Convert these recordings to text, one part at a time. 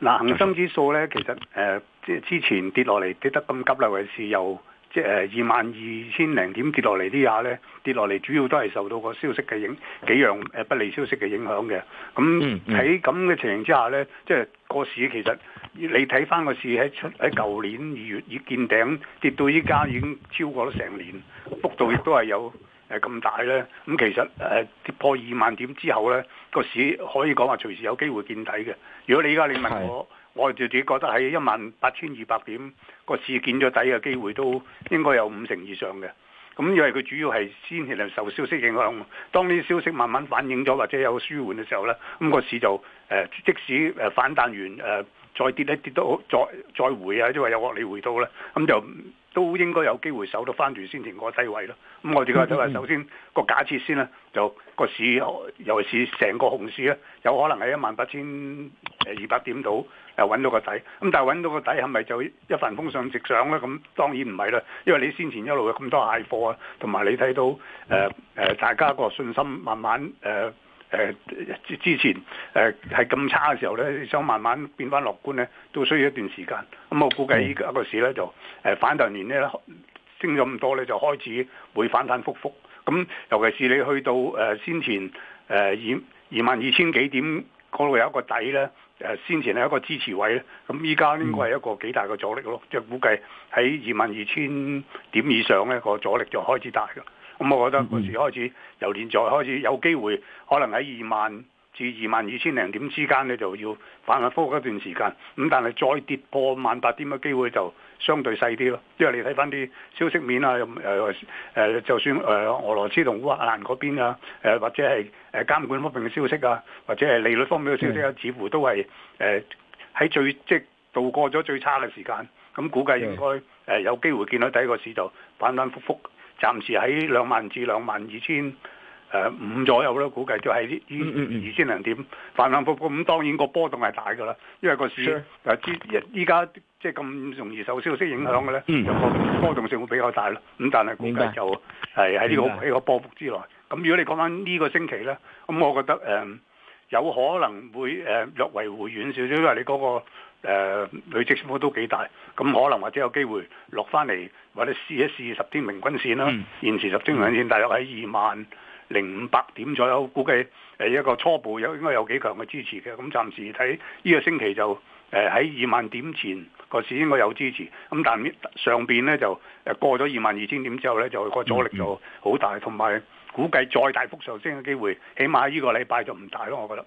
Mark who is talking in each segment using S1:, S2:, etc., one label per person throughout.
S1: 嗱，恒生指數咧，其實誒，即、呃、係之前跌落嚟跌得咁急啦，還是又即係誒二萬二千零點跌落嚟啲下咧，跌落嚟主要都係受到個消息嘅影，幾樣誒、呃、不利消息嘅影響嘅。咁喺咁嘅情形之下咧，即係個市其實你睇翻個市喺出喺舊年二月已見頂，跌到依家已經超過咗成年，幅度亦都係有。咁大呢，咁其實誒、啊、跌破二萬點之後呢，個市可以講話隨時有機會見底嘅。如果你而家你問我，的我就自己覺得喺一萬八千二百點個市見咗底嘅機會都應該有五成以上嘅。咁因為佢主要係先係受消息影響，當啲消息慢慢反映咗或者有舒緩嘅時候呢，咁個市就、呃、即使反彈完誒、呃、再跌一跌都再再回啊，即、就、係、是、有獲利回吐咧，咁就。都應該有機會守到翻住先前個低位咯。咁我哋嘅睇法首先、嗯、個假設先啦，就個市尤其是成個紅市咧，有可能喺一萬八千二百點度又揾到個底。咁但搵到個底係咪就一帆風上直上咧？咁當然唔係啦，因為你先前一路有咁多嗌貨啊，同埋你睇到、呃呃、大家個信心慢慢、呃誒、呃、之前誒係咁差嘅時候咧，想慢慢變翻樂觀咧，都需要一段時間。咁我估計依個市咧就、呃、反彈完咧升咗咁多咧，就開始會反反覆覆。咁尤其是你去到、呃、先前誒二二萬二千幾點嗰度有一個底咧、呃，先前係一個支持位咧。咁依家應該係一個幾大嘅阻力咯，即、係、估計喺二萬二千點以上咧，個阻力就開始大啦。咁、嗯嗯、哼我覺得嗰時開始由現在開始有機會，可能喺二萬至二萬二千零點之間咧，就要反反覆覆一段時間。咁但係再跌破萬八點嘅機會就相對細啲咯。因為你睇翻啲消息面啊，誒、呃、誒、呃呃，就算誒、呃、俄羅斯同烏克蘭嗰邊啊，誒或者係誒監管方面嘅消息啊，或者係利率方面嘅消息啊，是的似乎都係誒喺最即係渡過咗最差嘅時間。咁估計應該誒的、呃、有機會見到第一個市就反反覆覆，覆。暫時喺兩萬至兩萬二千誒五左右咯，估計就係二千零點反反覆覆，咁、嗯嗯嗯、當然個波動係大嘅啦，因為個市誒依家即係咁容易受消息影響嘅咧，個、嗯、波動性會比較大咯。咁但係估計就係喺呢個喺個波幅之內。咁、明白、如果你講翻呢個星期咧，咁我覺得誒、嗯、有可能會誒、呃、略為回軟少少，因為你嗰個。誒、呃、累積幅都幾大，咁可能或者有機會落翻嚟，或者試一試十天平均線啦。嗯、現時十天平均線大約喺二萬零五百點左右，估計誒、一個初步有應該有幾強嘅支持嘅。咁暫時睇呢個星期就誒、喺二萬點前個市應該有支持。咁但係上邊咧就誒、過咗二萬二千點之後咧就個阻力就好大，同埋、嗯、估計再大幅上升嘅機會，起碼呢個禮拜就唔大咯，我覺得。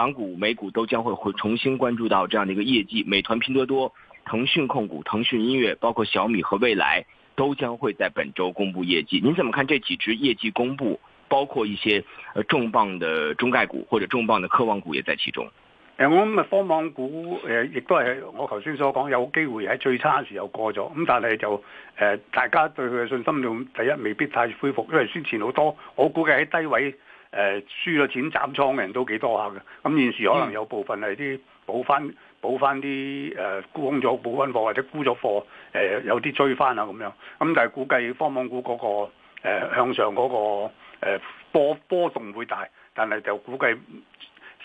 S2: 港股、美股都將會會重新關注到這樣的一個業績。美團、拼多多、騰訊控股、騰訊音樂，包括小米和蔚來，都將會在本周公布業績。你怎麼看這幾支業績公布？包括一些，呃，重磅的中概股或者重磅的科網股也在其中。
S1: 誒，我諗啊，科網股誒，亦都係我頭先所講，有機會喺最差嘅時候過咗。咁但係就誒、呃，大家對佢嘅信心就第一未必太恢復，因為先前好多，我估計喺低位。誒、呃、輸咗錢斬倉嘅人都幾多下嘅，咁、嗯、現時可能有部分係啲補翻補翻啲誒沽空咗補翻貨，或者沽咗貨誒、呃、有啲追翻啊咁樣，咁就係估計方網股嗰、那個、呃、向上嗰、那個、呃、波波動會大，但係就估計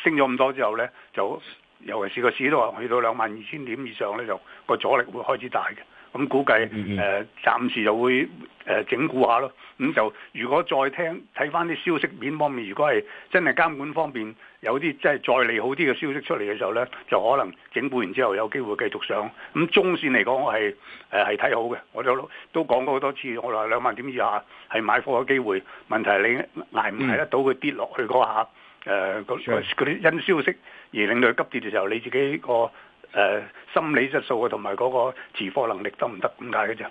S1: 升咗咁多之後咧，就尤其是個市都話去到兩萬二千點以上咧，就個阻力會開始大嘅。咁估計、呃、暫時就會、呃、整固下咯。咁、嗯、就如果再聽睇翻啲消息面方面，如果係真係監管方面有啲即係再利好啲嘅消息出嚟嘅時候呢，就可能整固完之後有機會繼續上。咁、嗯、中線嚟講，我係係睇好嘅。我都都講過好多次，我話兩萬點以下係買貨嘅機會。問題係你捱唔捱得，得到佢跌落去嗰下誒啲因消息而令到佢急跌嘅時候，你自己個。呃，心理質素啊，同埋嗰個持貨能力得唔得咁解嘅啫。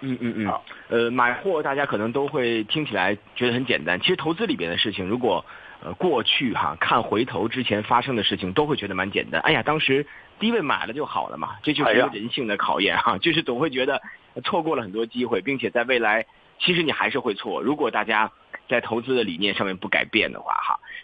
S1: 嗯嗯嗯。好，呃，買貨大家可能
S2: 都會聽起來覺得很簡單，其實投資裏邊的事情，如果呃過去哈、啊、看回頭之前發生的事情，都會覺得蠻簡單。哎呀，當時低位買了就好了嘛，這就是人性的考驗哈、啊啊，就是總會覺得錯過了很多機會，並且在未來其實你還是會錯。如果大家在投資的理念上面不改變的話，哈、啊。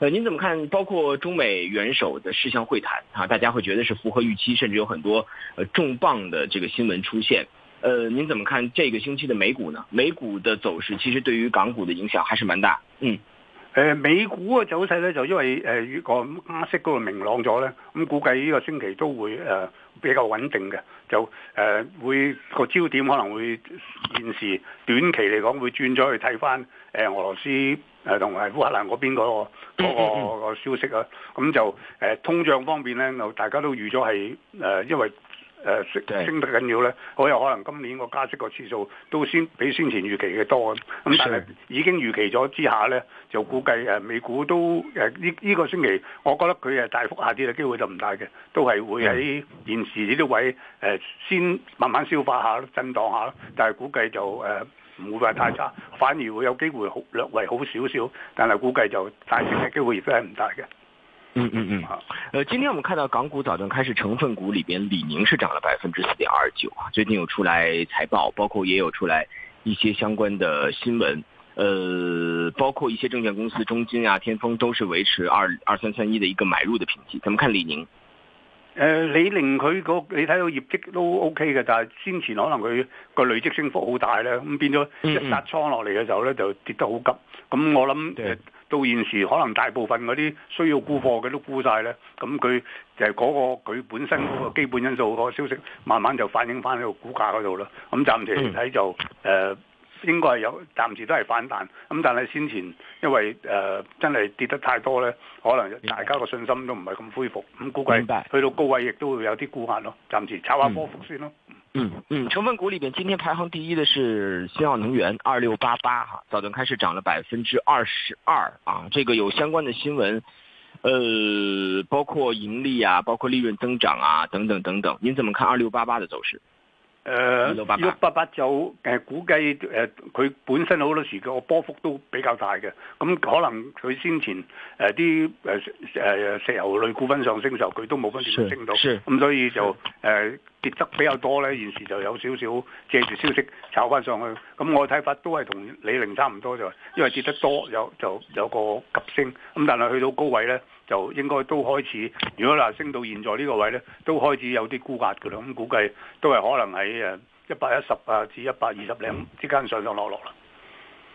S2: 呃，您怎麼看包括中美元首的視像會談啊？大家會覺得是符合預期，甚至有很多誒、呃、重磅的這個新聞出現。呃，您怎麼看這個星期的美股呢？美股的走勢其實對於港股的影響還是蠻大。嗯，
S1: 誒、呃，美股的走勢呢就，因為如果加息嗰個明朗咗呢，咁估計呢個星期都會誒、呃、比較穩定嘅，就誒、呃、會個焦點可能會現時短期嚟講會轉咗去睇返。誒、呃、俄羅斯誒同埋烏克蘭嗰邊嗰、嗰個嗰個嗰個消息啊，咁就誒、呃、通脹方面咧，就大家都預咗係誒，因為誒、呃、升得緊要咧，我有可能今年個加息個次數都先比先前預期嘅多，咁，但係已經預期咗之下咧，就估計誒、啊、美股都誒呢呢個星期，我覺得佢誒大幅下跌嘅機會就唔大嘅，都係會喺現時呢啲位誒、呃、先慢慢消化一下，震盪一下，但係估計就誒、啊唔會話太差，反而會有機會好略為好少少，但係估計就大市嘅機會亦都係唔大嘅。嗯嗯
S2: 嗯。好、呃，呃今天我們看到港股早段開始成分股裏邊，李寧是漲了百分之四點二九啊。最近有出來財報，包括也有出來一些相關的新聞，呃，包括一些證券公司中金啊、天風都是維持二二三三一的一個買入的評級。怎麼看李寧？
S1: 誒、呃，你令佢、嗰個你睇到業績都 O K 嘅，但係先前可能佢個累積升幅好大咧，咁變咗一殺倉落嚟嘅時候咧，就跌得好急。咁我諗到現時可能大部分嗰啲需要沽貨嘅都沽曬咧，咁佢就係嗰、嗰個佢本身個基本因素個消息，慢慢就反映翻喺個股價嗰度啦。咁暫時嚟睇就誒。呃應該係有暫時都係反彈，咁、嗯、但係先前因為、呃、真係跌得太多呢，可能大家個信心都唔係咁恢復，咁估計明白去到高位亦都會有啲顧客咯。暫時炒下波幅先咯、嗯。嗯嗯，成分股裏邊今天排行第一的是
S2: 新奧能源二六八八哈，早晨開始漲了百分之二十二啊！這個有相關的新聞，呃，包括盈利啊，包括利潤增長啊，等等等等，您怎麼看二六八八的走勢？
S1: 誒六、呃、八八就誒估計誒佢、呃、本身好多時個波幅都比較大嘅，咁、嗯、可能佢先前誒啲誒誒石油類股份上升嘅時候，佢都冇分點升到，咁是、嗯、所以就誒。是呃跌得比較多呢，現時就有少少借住消息炒翻上去。咁我睇法都係同李寧差唔多，就因為跌得多有就，就有個急升。咁但係去到高位呢，就應該都開始。如果嗱升到現在呢個位呢，都開始有啲沽壓㗎啦。咁估計都係可能喺誒一百一十啊至一百二十零之間上上落落啦。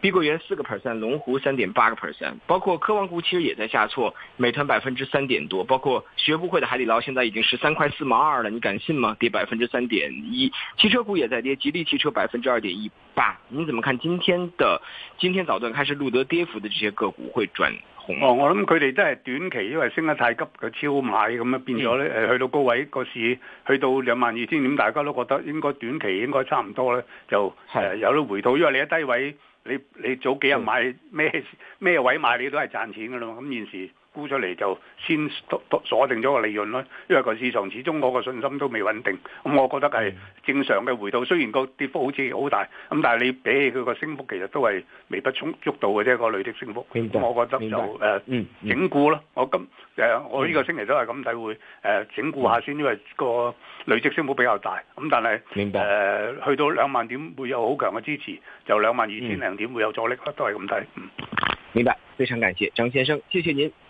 S2: 碧桂園四個 percent，龍湖三點八個 percent，包括科網股其實也在下挫，美團百分之三點多，包括學不會的海底撈現在已經十三塊四毛二了，你敢信嗎？跌百分之三點一，汽車股也在跌，吉利汽車百分之二點一八，你怎麼看今天的今天早段開始錄得跌幅的這些個股會轉紅？哦，我諗佢
S1: 哋真係短期因為升得太急個超買咁樣變咗咧，誒、嗯、去到高位個市去到兩萬二千點，大家都覺得應該短期應該差唔多咧，就誒有啲回吐，是因為你一低位。你你早幾日買咩咩位買，你都係賺錢噶咯，咁現時，沽出嚟就先鎖鎖定咗個利潤咯，因為個市場始終我個信心都未穩定，咁我覺得係正常嘅回吐。雖然個跌幅好似好大，咁但係你比起佢個升幅，其實都係微不足道嘅啫。個累積升幅，咁白我覺得就誒整固咯。我今誒、嗯、我呢個星期都係咁睇會誒整固下先，因為個累積升幅比較大。咁但係誒白、呃、去到兩萬點會有好強嘅支持，就兩萬二千零點會有阻力啦。嗯、都係咁睇。嗯、
S2: 明白，非常感謝張先生，謝謝您。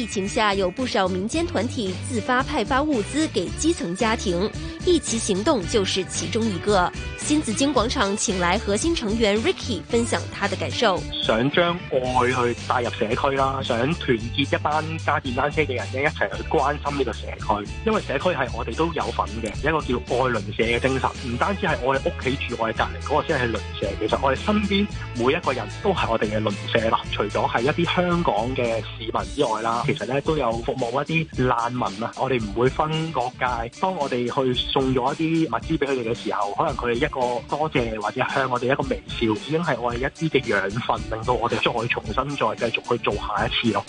S3: 疫情下有不少民間團體自發派發物資給基層家庭，一齊行動就是其中一個。新紫荊廣場請來核心成員 Ricky 分享他的感受，
S4: 想將愛去帶入社區啦，想團結一班揸電單車嘅人一齊去關心呢個社區，因為社區係我哋都有份嘅，一個叫愛鄰舍嘅精神，唔單止係我哋屋企住我哋隔籬嗰個先係鄰舍，其實我哋身邊每一個人都係我哋嘅鄰舍啦，除咗係一啲香港嘅市民之外啦。其實咧，都有服務一啲難民啊！我哋唔會分國界。當我哋去送咗一啲物資俾佢哋嘅時候，可能佢哋一個多謝、謝或者向我哋一個微笑，已經係我哋一啲嘅養分，令到我哋再重新再繼續去
S1: 做下一次咯。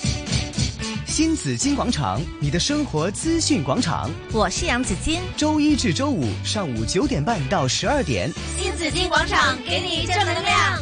S4: 新紫荊廣場，你的生活資訊廣場，我是楊子矜。周一至周五上午九點半到十二點，
S3: 新紫荊廣場給你正能量。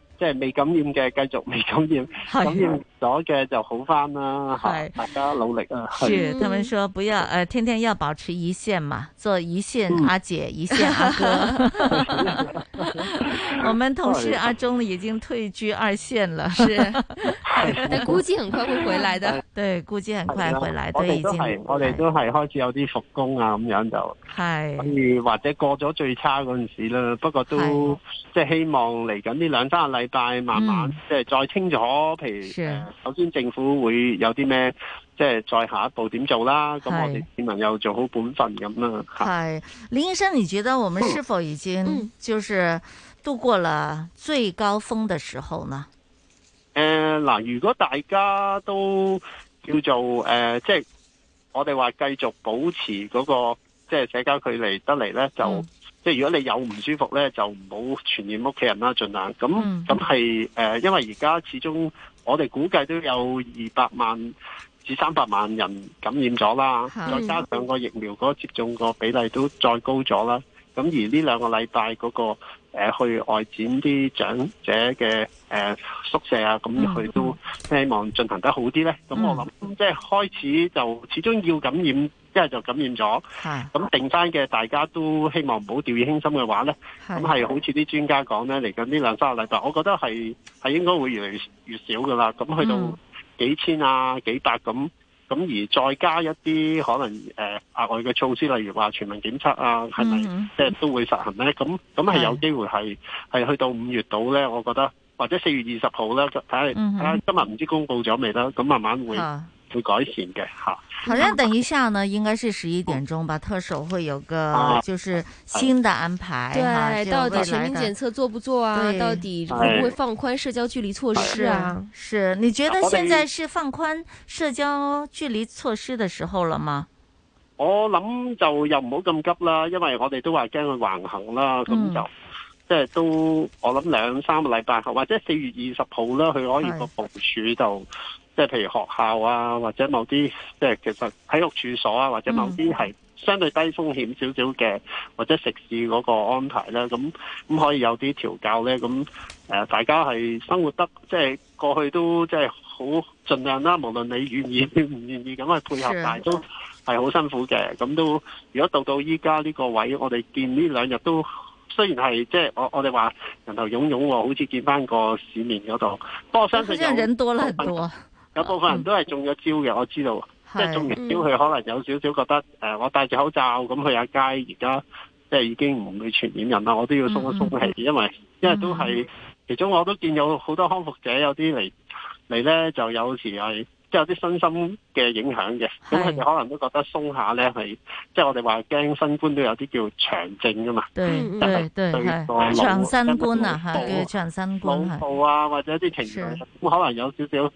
S5: 即係未感染嘅繼續未感染，感染咗嘅就好翻啦。係大家努力啊！是，他們
S6: 說不要誒，天天要保持一線嘛，做一線阿姐、一線阿哥。我們同事阿忠已經退居二線
S3: 了，是，但估計很快會回來的。對，估計很快回來。都已
S5: 經，我哋都係開始有啲復工啊，咁樣就係。所以或者過咗最差嗰陣時啦，不過都即係希望嚟緊呢兩三個禮拜。但係慢慢、嗯、即係再清楚。譬如是、呃、首先政府會有啲咩，即係再下一步點做啦？咁是我哋市民又做好本分咁啦。
S6: 係是林醫生，你覺得我們是否已經、嗯、就是度過了最高峰的時候呢？
S5: 誒嗱、嗯呃呃，如果大家都叫做誒、呃，即係我哋話繼續保持嗰、嗰個即係社交距離得嚟呢，就。嗯即係如果你有唔舒服咧，就唔好傳染屋企人啦，盡量。咁咁係誒，因為而家始終我哋估計都有二百萬至三百萬人感染咗啦，的再加上個疫苗嗰個接種個比例都再高咗啦。咁而呢兩個禮拜嗰個、呃、去外展啲長者嘅誒、呃、宿舍啊，咁佢、嗯、都希望進行得好啲咧。咁我諗、嗯、即係開始就始終要感染。一係就感染咗，咁定翻嘅大家都希望唔好掉以輕心嘅話咧，
S7: 咁係是的 好
S5: 似啲專家講咧，嚟緊呢兩三個禮拜，我覺得係係應該會越嚟越少噶啦。咁去到幾千啊、嗯、幾百咁，咁而再加一啲可能誒、呃、額外嘅措施，例如話全民檢測啊，係咪即係都會實行咧？咁咁係有機會係係是的 去到五月度咧，我覺得或者四月二十號咧，睇下睇下、嗯、哼 今日唔知公布咗未啦。咁慢慢會。會改善嘅吓，啊、好像
S6: 等一下呢，應該是十一點鐘吧。啊、特首會有個就是新的安排，對、啊，啊、到底全民檢
S3: 測做不做啊？對到底會不會放寬社交距離措施
S6: 啊，啊？是，你覺得現在是放寬社交距離措施的時候了嗎？
S5: 我諗就又唔好咁急啦，因為我哋都話驚佢橫行啦，咁、嗯、就即係都我諗兩三個禮拜，或者四月二十號啦，佢可以個部署就。啊啊即係譬如學校啊，或者某啲即係其實體育處所啊，或者某啲係相對低風險少少嘅，嗯、或者食肆嗰個安排啦。咁咁可以有啲調教咧，咁、呃、大家係生活得即係、就是、過去都即係好盡量啦、啊。無論你願意唔願意咁去配合，但係都係好辛苦嘅。咁都如果到到依家呢個位，我哋見呢兩日都雖然係即係我我哋話人頭湧湧，好似見翻個市面嗰度，不過相信人多咗好多。有部分人都係中咗招嘅，我知道，即係中完招，佢可能有少少覺得，誒，我戴住口罩咁去下街，而家即係已經唔會傳染人啦，我都要鬆一鬆氣，因為因為都係，其中我都見有好多康復者，有啲嚟嚟咧，就有時係即係有啲身心嘅影響嘅，咁佢哋可能都覺得鬆下咧係，即係我哋話驚新冠都有啲叫長症噶嘛，對對對，長新
S6: 冠啊吓，叫長新冠
S5: 係，腦部啊或者啲情緒，咁可能有少少。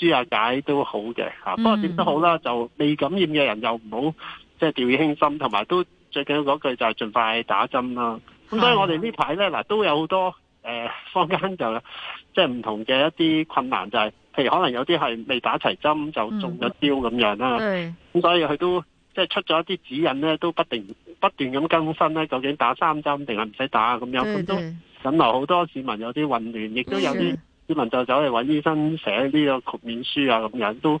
S5: 輸下、啊、解都好嘅、嗯、不過點都好啦，就未感染嘅人又唔好即係掉以輕心，同埋都最緊要嗰句就係盡快打針啦。咁、啊、所以我哋呢排咧嗱都有好多誒、呃、坊間就即係唔同嘅一啲困難，就係、是、譬如可能有啲係未打齊針就中咗招咁樣啦。
S7: 咁
S5: 對所以佢都即係、就是、出咗一啲指引咧，都不定不斷咁更新咧，究竟打三針定係唔使打咁樣，都引來好多市民有啲混亂，亦都有啲。市民就走嚟揾醫生寫呢個豁免書啊，咁樣都。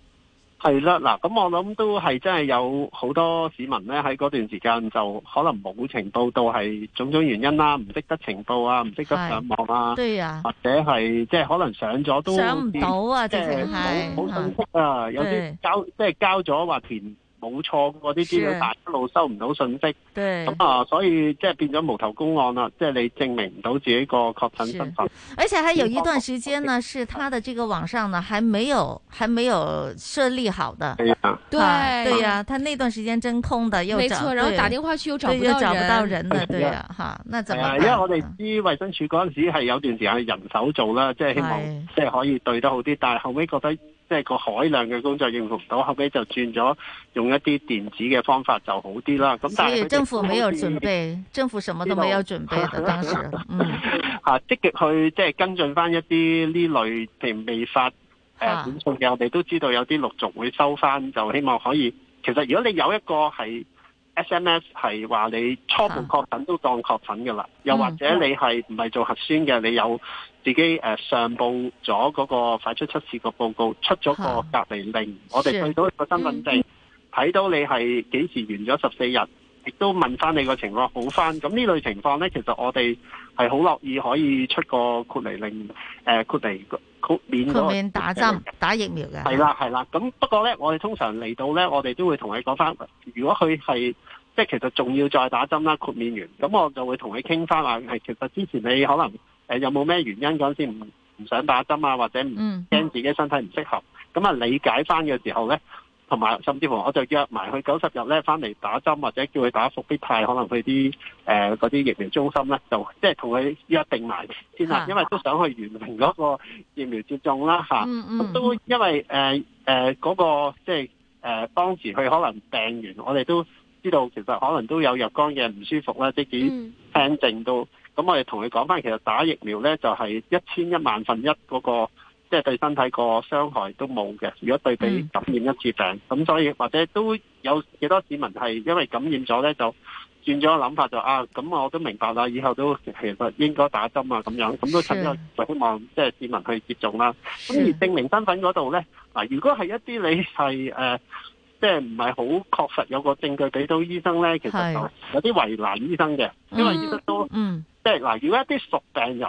S5: 係啦，嗱，咁我諗都係真係有好多市民咧，喺嗰段時間就可能冇情報到，係種種原因啦、啊，唔識得情報啊，唔識得上網啊，的或者係即係可能上咗都上唔、啊、的到啊，即係冇好通知啊，有啲交即係的交咗話填。冇錯，嗰啲資料大一路收唔到信息，咁啊，所以即係變咗無頭公案啦，即係你證明唔到自己個確診身份。
S6: 而且還有一段時間呢，是他的這個網上呢，還沒有還沒有
S5: 設立好的。對呀、啊啊，
S6: 對，對呀，他那段時間真空的，又冇錯，沒錯，對，然後打電話去又找不到又找不到人了，對呀，哈，那怎麼辦？係啊，
S5: 因為我哋知衛生署嗰陣時係有段時間人手做啦，即係希望即係可以對得好啲，是，但係後尾覺得。即係個海量嘅工作應付唔到，後尾就轉咗用一啲電子嘅方法就好啲啦。咁以但係政府
S6: 沒有準備，政府什麼都沒有準備的，
S5: 當時啦。嗯、啊，積極去即係跟進翻一啲呢類譬如未發誒短訊嘅，呃啊、我哋都知道有啲陸續會收翻，就希望可以。其實如果你有一個係。S M S 係話你初步確診都當確診㗎啦，的又或者你係唔係做核酸嘅？嗯、你有自己誒上報咗嗰個快速測試個報告，的出咗個隔離令，的我哋去到個身份證，睇、嗯、到你係幾時完咗十四日。亦都問翻你個情況好翻，咁呢類情況呢，其實我哋係好樂意可以出個豁免令，誒豁免豁免
S6: 打針、打疫苗嘅。係啦，
S5: 係啦。咁不過呢，我哋通常嚟到呢，我哋都會同你講翻，如果佢係即係其實仲要再打針啦，豁免完，咁我就會同你傾翻話，其實之前你可能、呃、有冇咩原因嗰陣時唔唔想打針啊，或者唔驚、嗯、自己身體唔適合，咁啊理解翻嘅時候呢。同埋甚至乎，我就約埋佢九十日咧，翻嚟打針或者叫佢打復必泰，可能去啲誒嗰啲疫苗中心咧，就即係同佢約定埋先啦。啊、因為都想去完成嗰個疫苗接種啦，嚇、啊。嗯嗯、都因為誒誒嗰個即係誒、呃、當時佢可能病完，我哋都知道其實可能都有若干嘅唔舒服啦，即係幾輕症到。咁、嗯、我哋同佢講翻，其實打疫苗咧就係一千一萬分一嗰、那個。即係對身體個傷害都冇嘅，如果對比感染一次病，咁、嗯、所以或者都有幾多市民係因為感染咗咧，就轉咗個諗法就，就啊，咁我都明白啦，以後都其實應該打針啊，咁樣，咁都趁咗的希望，即、就、係、是、市民去接種啦、啊。咁的而證明身份嗰度咧，嗱，如果係一啲你係誒，即係唔係好確實有個證據俾到醫生咧，其實就有有啲為難醫生嘅，的因為醫生都、嗯嗯、即係嗱，如果一啲熟病人。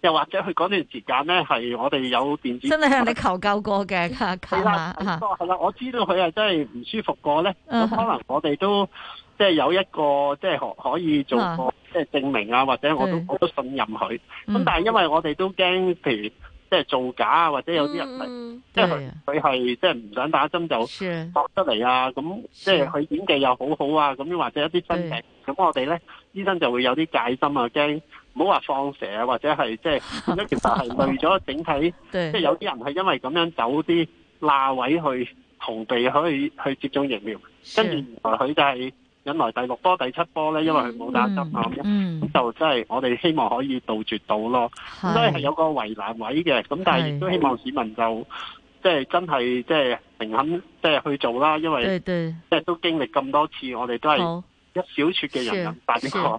S5: 又或者佢嗰段時間咧，係我哋有電子真係
S6: 向你求救過嘅，係啦，
S5: 係啦，我知道佢係真係唔舒服過咧，咁可能我哋都即係有一個即係可可以做過即係證明啊，或者我都我都信任佢。咁但係因為我哋都驚，譬如即係造假啊，或者有啲人係即係佢佢係即係唔想打針就搏得嚟啊，咁即係佢演技又好好啊，咁或者一啲身病。咁我哋咧醫生就會有啲戒心啊，驚。唔好話放蛇啊，或者係即係，咁樣其實係累咗整體。即係有啲人係因為咁樣走啲罅位去逃避，可以去接種疫苗，跟住原來佢就係引來第六波、第七波咧，因為佢冇打針啊，咁就真係我哋希望可以杜絕到咯。咁所以係有個圍欄位嘅，咁但係亦都希望市民就即係真係即係平衡，即係去做啦。因為即係都經歷咁多次，我哋都係一小撮嘅人咁大啲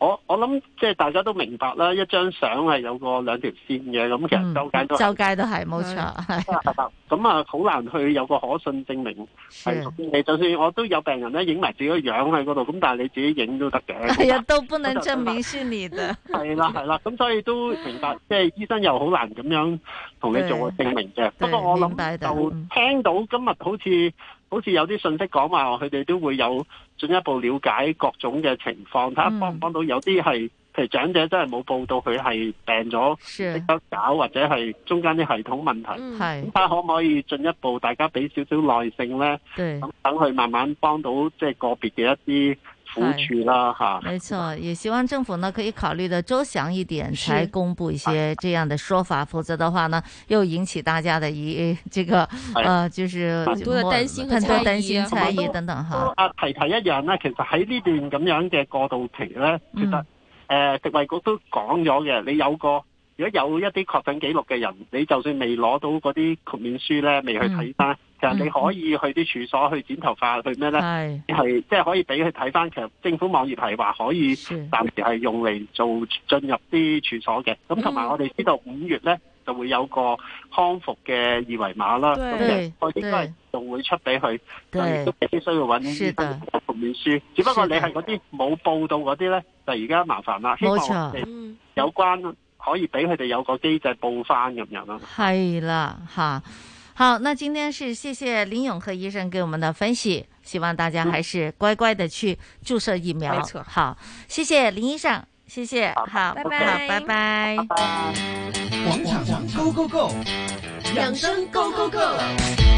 S5: 我我諗即係大家都明白啦，一張相係有個兩條線嘅，咁其實周街都周街
S6: 都係冇錯。
S5: 咁啊，好難去有個可信證明。係就算我都有病人咧，影埋自己個樣喺嗰度，咁但係你自己影都得嘅。係啊，都不能證明係你嘅。係啦係啦，咁所以都明白，即係醫生又好難咁樣
S1: 同你做個證
S5: 明嘅。不過我諗就聽到今日好似好似有啲信息講話，佢哋都會有。進一步了解各種嘅情況，睇下幫唔幫到。嗯、有啲係，譬如長者真係冇報到，佢係病咗，得唔得搞，或者係中間啲系統問題。咁睇下可唔可以進一步，大家俾少少耐性咧，等佢對慢慢幫到，即係個別嘅一啲。扶住啦，吓，沒
S6: 錯，也希望政府呢可以考慮得周詳一點，才公布一些這樣的說法，是否則的話呢，又引起大家的疑，這個，是呃就是多的擔心很多擔心猜疑等等，哈。
S5: 阿提提一樣呢其實喺呢段咁樣嘅過渡期呢其實，誒、呃，食衛局都講咗嘅，你有個。如果有一啲確診記錄嘅人，你就算未攞到嗰啲豁免書咧，未去睇翻，嗯、其實你可以去啲處所去剪頭髮，去咩咧？係即係可以俾佢睇翻。其實政府網頁係話可以暫時係用嚟做進入啲處所嘅。咁同埋我哋知道五月咧就會有個康復嘅二維碼啦。咁日我應該係就會出俾佢，就亦都唔需要揾呢啲豁免書。的只不過你係嗰啲冇報道嗰啲咧，就而家麻煩啦。的希望有關。可以俾佢哋有個機制報翻咁
S6: 樣咯。係啦，吓好，好，那今天是謝謝林永和醫生給我們的分析，希望大家還是乖乖的去注射疫苗。嗯、沒錯，好，謝謝林醫生，謝謝，啊、好，拜拜，拜
S8: 拜。廣場 Go Go Go，養生 Go Go Go。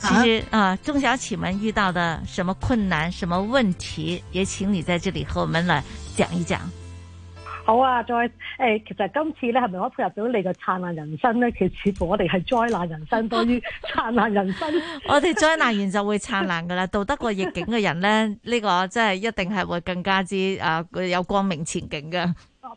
S6: 其實好啊，中小企們遇到的什麼困難、什麼問題，也請你在這裏和我們來講一講。
S9: 好啊，再誒、哎，其實今次咧係咪可以配合到你個燦爛人生咧？其實似乎我哋係災難人生，多 於燦爛人生，
S6: 我哋災難完就會燦爛噶啦。度得 過逆境嘅人咧，呢、這個真係一定係會更加之啊，有光明前景㗎。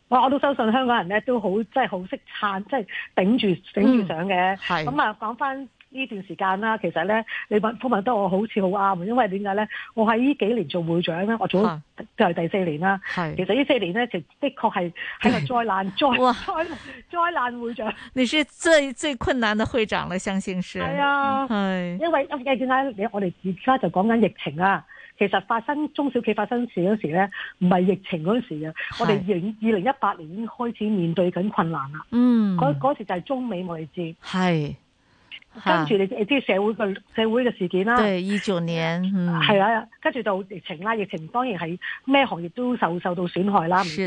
S9: 我我都相信香港人咧都好真係好識撐真係頂住頂住上嘅。咁、嗯、啊，講翻。呢段時間啦，其實咧，你問問得我好似好啱啊，因為點解咧？我喺呢幾年做會長咧，我做就係第四年啦。是其實呢四年咧，其實的確係喺個災難災災哇災，災難會長。你是最最困難的會長啦，相信是。係啊，是因為因為點解我哋而家就講緊疫情啦，其實發生中小企發生事嗰時咧，唔係疫情嗰陣時嘅是我哋二零二零一八年已經開始面對緊困難啦。嗯。嗰嗰時就係中美貿易戰。係。跟住你，你知社會嘅社會嘅事件啦，對，二九年，係啊，跟住到疫情啦，疫情當然係咩行業都受受到損害啦，唔知，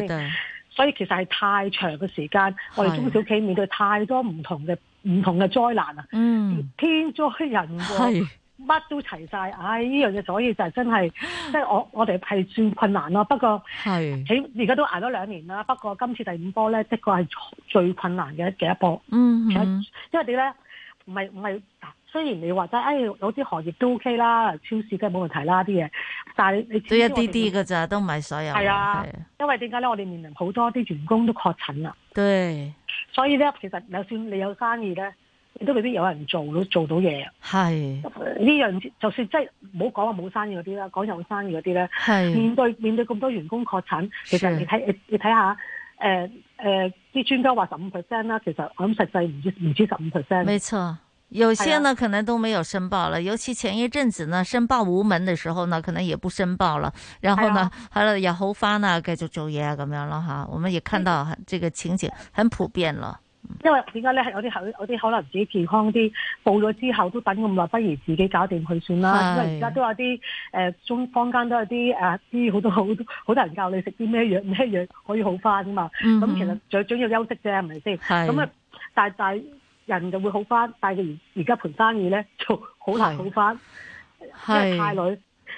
S9: 所以其實係太長嘅時間，我哋中小企面對太多唔同嘅唔同嘅災難啦，嗯，天災人禍，乜都齊晒。唉，呢樣嘢所以就真係，即係我我哋係算困難咯，不過係起而家都捱咗兩年啦，不過今次第五波咧，的確係最困難嘅一一波，嗯嗯因為你咧。唔係唔係，雖然你話齋、哎，有啲行業都 OK 啦，超市梗係冇問題啦啲嘢，但係你都一啲啲㗎咋，都唔係所有。係啊，是因為點解咧？我哋面臨好多啲員工都確診啦。對，所以咧，其實就算你有生意咧，亦都未必有人做到做到嘢。係呢是、呃、樣，就算即係唔好講話冇生意嗰啲啦，講有生意嗰啲咧，面對面對咁多員工確診，其實你睇是你睇下。誒誒，啲、呃呃、專家話十五 percent 啦，其實咁實際唔知唔知十五 percent。沒錯，有些呢、啊、可能都沒
S6: 有申報了，尤其前一陣子呢，申報無門的時候呢，可能也不申報了。然後呢，佢又後發呢，繼續做嘢啊，咁樣啦，哈，我們也看到這個情景很普遍了。
S9: 因為點解咧？有啲好有啲可能自己健康啲，報咗之後都等咁耐，不如自己搞掂佢算啦。是因為而家都有啲誒、呃，中坊間都有啲誒，啲、啊、好多好好多人教你食啲咩藥，咩藥可以好返嘛。咁、嗯、哼其實最重要休息啫，係咪先？咁啊是，大大人就會好返，但係佢而而家盤生意咧就好難好返，
S7: 因是為太累。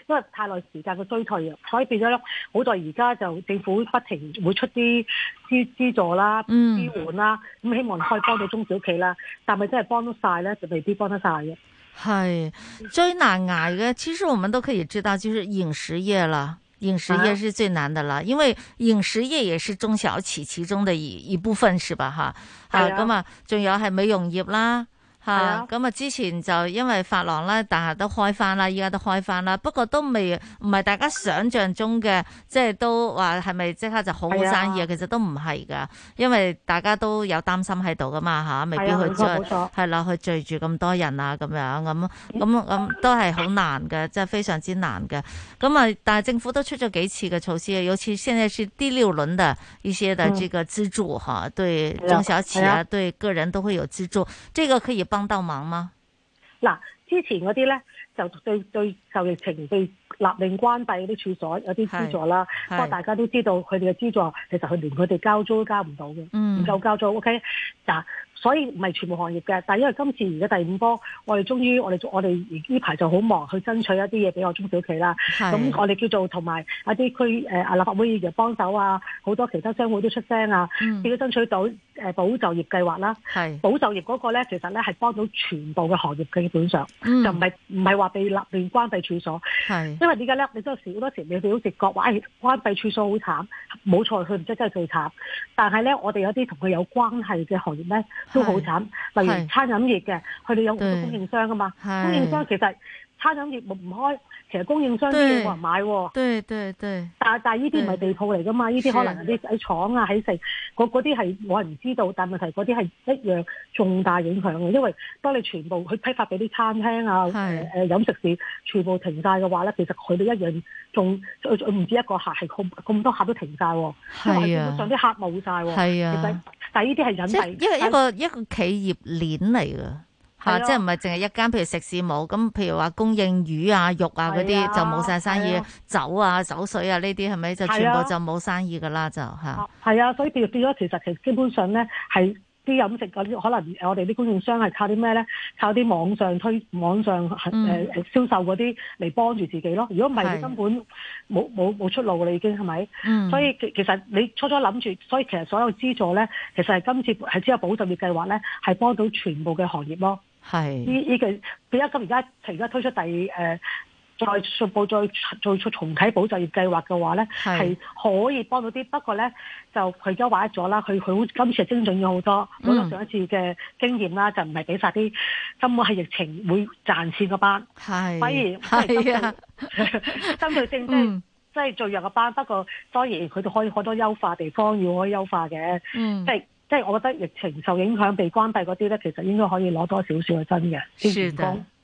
S9: 因為太耐時間嘅衰退啊，所以變咗咯。好在而家就政府不停會出啲資資助啦、嗯、支援啦，咁、嗯、希望可以幫到中小企啦。但係真係幫得晒咧，就未必幫得晒嘅。
S6: 係最難捱、啊、嘅，其實我們都可以知道，就是飲食業啦，飲食業是最難的啦，啊、因為飲食業也是中小企其中的一一部分，是吧？哈，係啊。仲有個嘛，仲有係美容業啦。吓，咁啊之前就因為髮廊啦，但係都開翻啦，依家都開翻啦。不過都未唔係大家想象中嘅，即、就、係、是、都話係咪即刻就好，好生意啊？其實都唔係噶，因為大家都有擔心喺度噶嘛吓、啊，未必會去、啊啊、去追，係啦去聚住咁多人啊，咁樣咁咁咁都係好難嘅，即、就、係、是、非常之難嘅。咁啊，但係政府都出咗幾次嘅措施，尤其現在是第六輪的一些的這個資助吓、嗯啊，對、啊、中小企、啊啊、對個人都會有資助，這個可以。幫到忙嗎？嗱，
S9: 之前嗰啲咧就對對受疫情被勒令關閉嗰啲處所有啲資助啦，不過是 大家都知道佢哋嘅資助其實佢連佢哋交租都交唔到嘅，嗯、唔夠交租。O K 嗱。所以唔係全部行業嘅，但因為今次而家第五波，我哋終於我哋我哋呢排就好忙去爭取一啲嘢俾我中小企啦。咁是我哋叫做同埋一啲區誒、呃、立法會議員幫手啊，好多其他商會都出聲啊，試咗、嗯、爭取到誒、呃、保就業計劃啦。係是保就業嗰個咧，其實咧係幫到全部嘅行業嘅基本上，嗯、就唔係唔係話被立亂關閉處所。係是因為點解咧？你都有時好多時你哋都直覺話，關、哎、關閉處所好慘，冇錯，佢唔知真係最慘。但係咧，我哋有啲同佢有關係嘅行業咧。都好慘，例如餐飲業嘅，佢哋是有好多供應商噶嘛，供應是商其實。餐飲業務唔開，其實供應商都冇人買對。對對對，對但但呢啲唔係地鋪嚟噶嘛？呢啲可能啲喺廠啊喺食，嗰嗰啲係冇人知道。但問題嗰啲係一樣重大影響嘅，因為當你全部去批發俾啲餐廳啊，誒誒飲食市全部停晒嘅話咧，其實佢哋一樣仲唔止一個客，係咁咁多客都停晒，啊、因為基本上啲客冇晒。係啊，其實但呢啲係隱係，一一個
S6: 但一個企業鏈嚟嘅。吓，啊是啊、即係唔係淨係一間，譬如食肆冇咁，譬如話供應魚啊、肉啊嗰啲、啊、就冇晒生意，啊酒啊、酒水啊呢啲係咪就全部就冇生意噶啦？就吓、
S9: 啊，係啊，啊，所以變變咗，其實其基本上咧係啲飲食啲，可能我哋啲供應商係靠啲咩咧？靠啲網上推、網上誒銷、呃嗯、售嗰啲嚟幫住自己咯。如果唔係，根本冇冇冇出路啦，已經係咪？是不是嗯、所以其實你初初諗住，所以其實所有資助咧，其實係今次係只有保就業計劃咧，係幫到全部嘅行業咯。係呢呢句，而家咁而家，而家推出第誒、呃，再逐步再出重啟保就業計劃嘅話咧，係是可以幫到啲。不過咧，就佢優化咗啦，佢佢好似今次係精準咗好多，好多上一次嘅經驗啦，嗯、就唔係俾晒啲根本係疫情會賺錢嘅班。係是，反而係啊，針對性即係即係最弱嘅班。不過當然佢都可以好多優化地方，要可以優化嘅，即、嗯就係即係我覺得疫情受影響被關閉嗰啲咧，其實應該可以攞多少少嘅真嘅啲員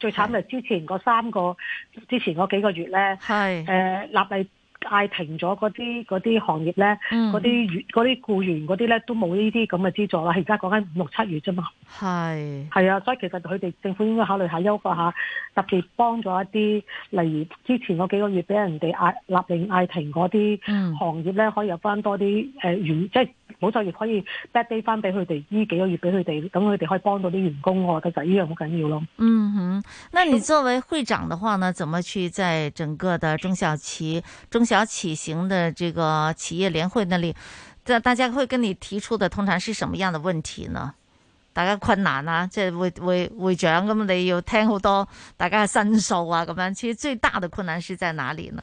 S9: 最慘就係之前嗰三個，是之前嗰幾個月咧，誒是、呃、立例嗌停咗嗰啲嗰啲行業咧，嗰啲月嗰啲雇員嗰啲咧都冇呢啲咁嘅資助啦。而家講緊六七月啫嘛，係是啊，所以其實佢哋政府應該考慮下優化下，特別幫咗一啲，例如之前嗰幾個月俾人哋嗌立令嗌停嗰啲行業咧，嗯、可以有翻多啲誒、呃、即冇錯亦可以 backdate 翻俾佢哋呢幾個月俾佢哋，咁佢哋可以幫到啲員工其實，呢樣好緊要咯。
S6: 嗯哼，那你作為會長的話呢，怎麼去在整個的中小企、中小企型的這個企業聯會那裡，即大家會跟你提出的通常是什麼樣的問題呢？大家困難啊，即係會會會長咁，你要聽好多大家嘅申訴啊，咁樣，其
S9: 實最大的困難是在哪裡呢？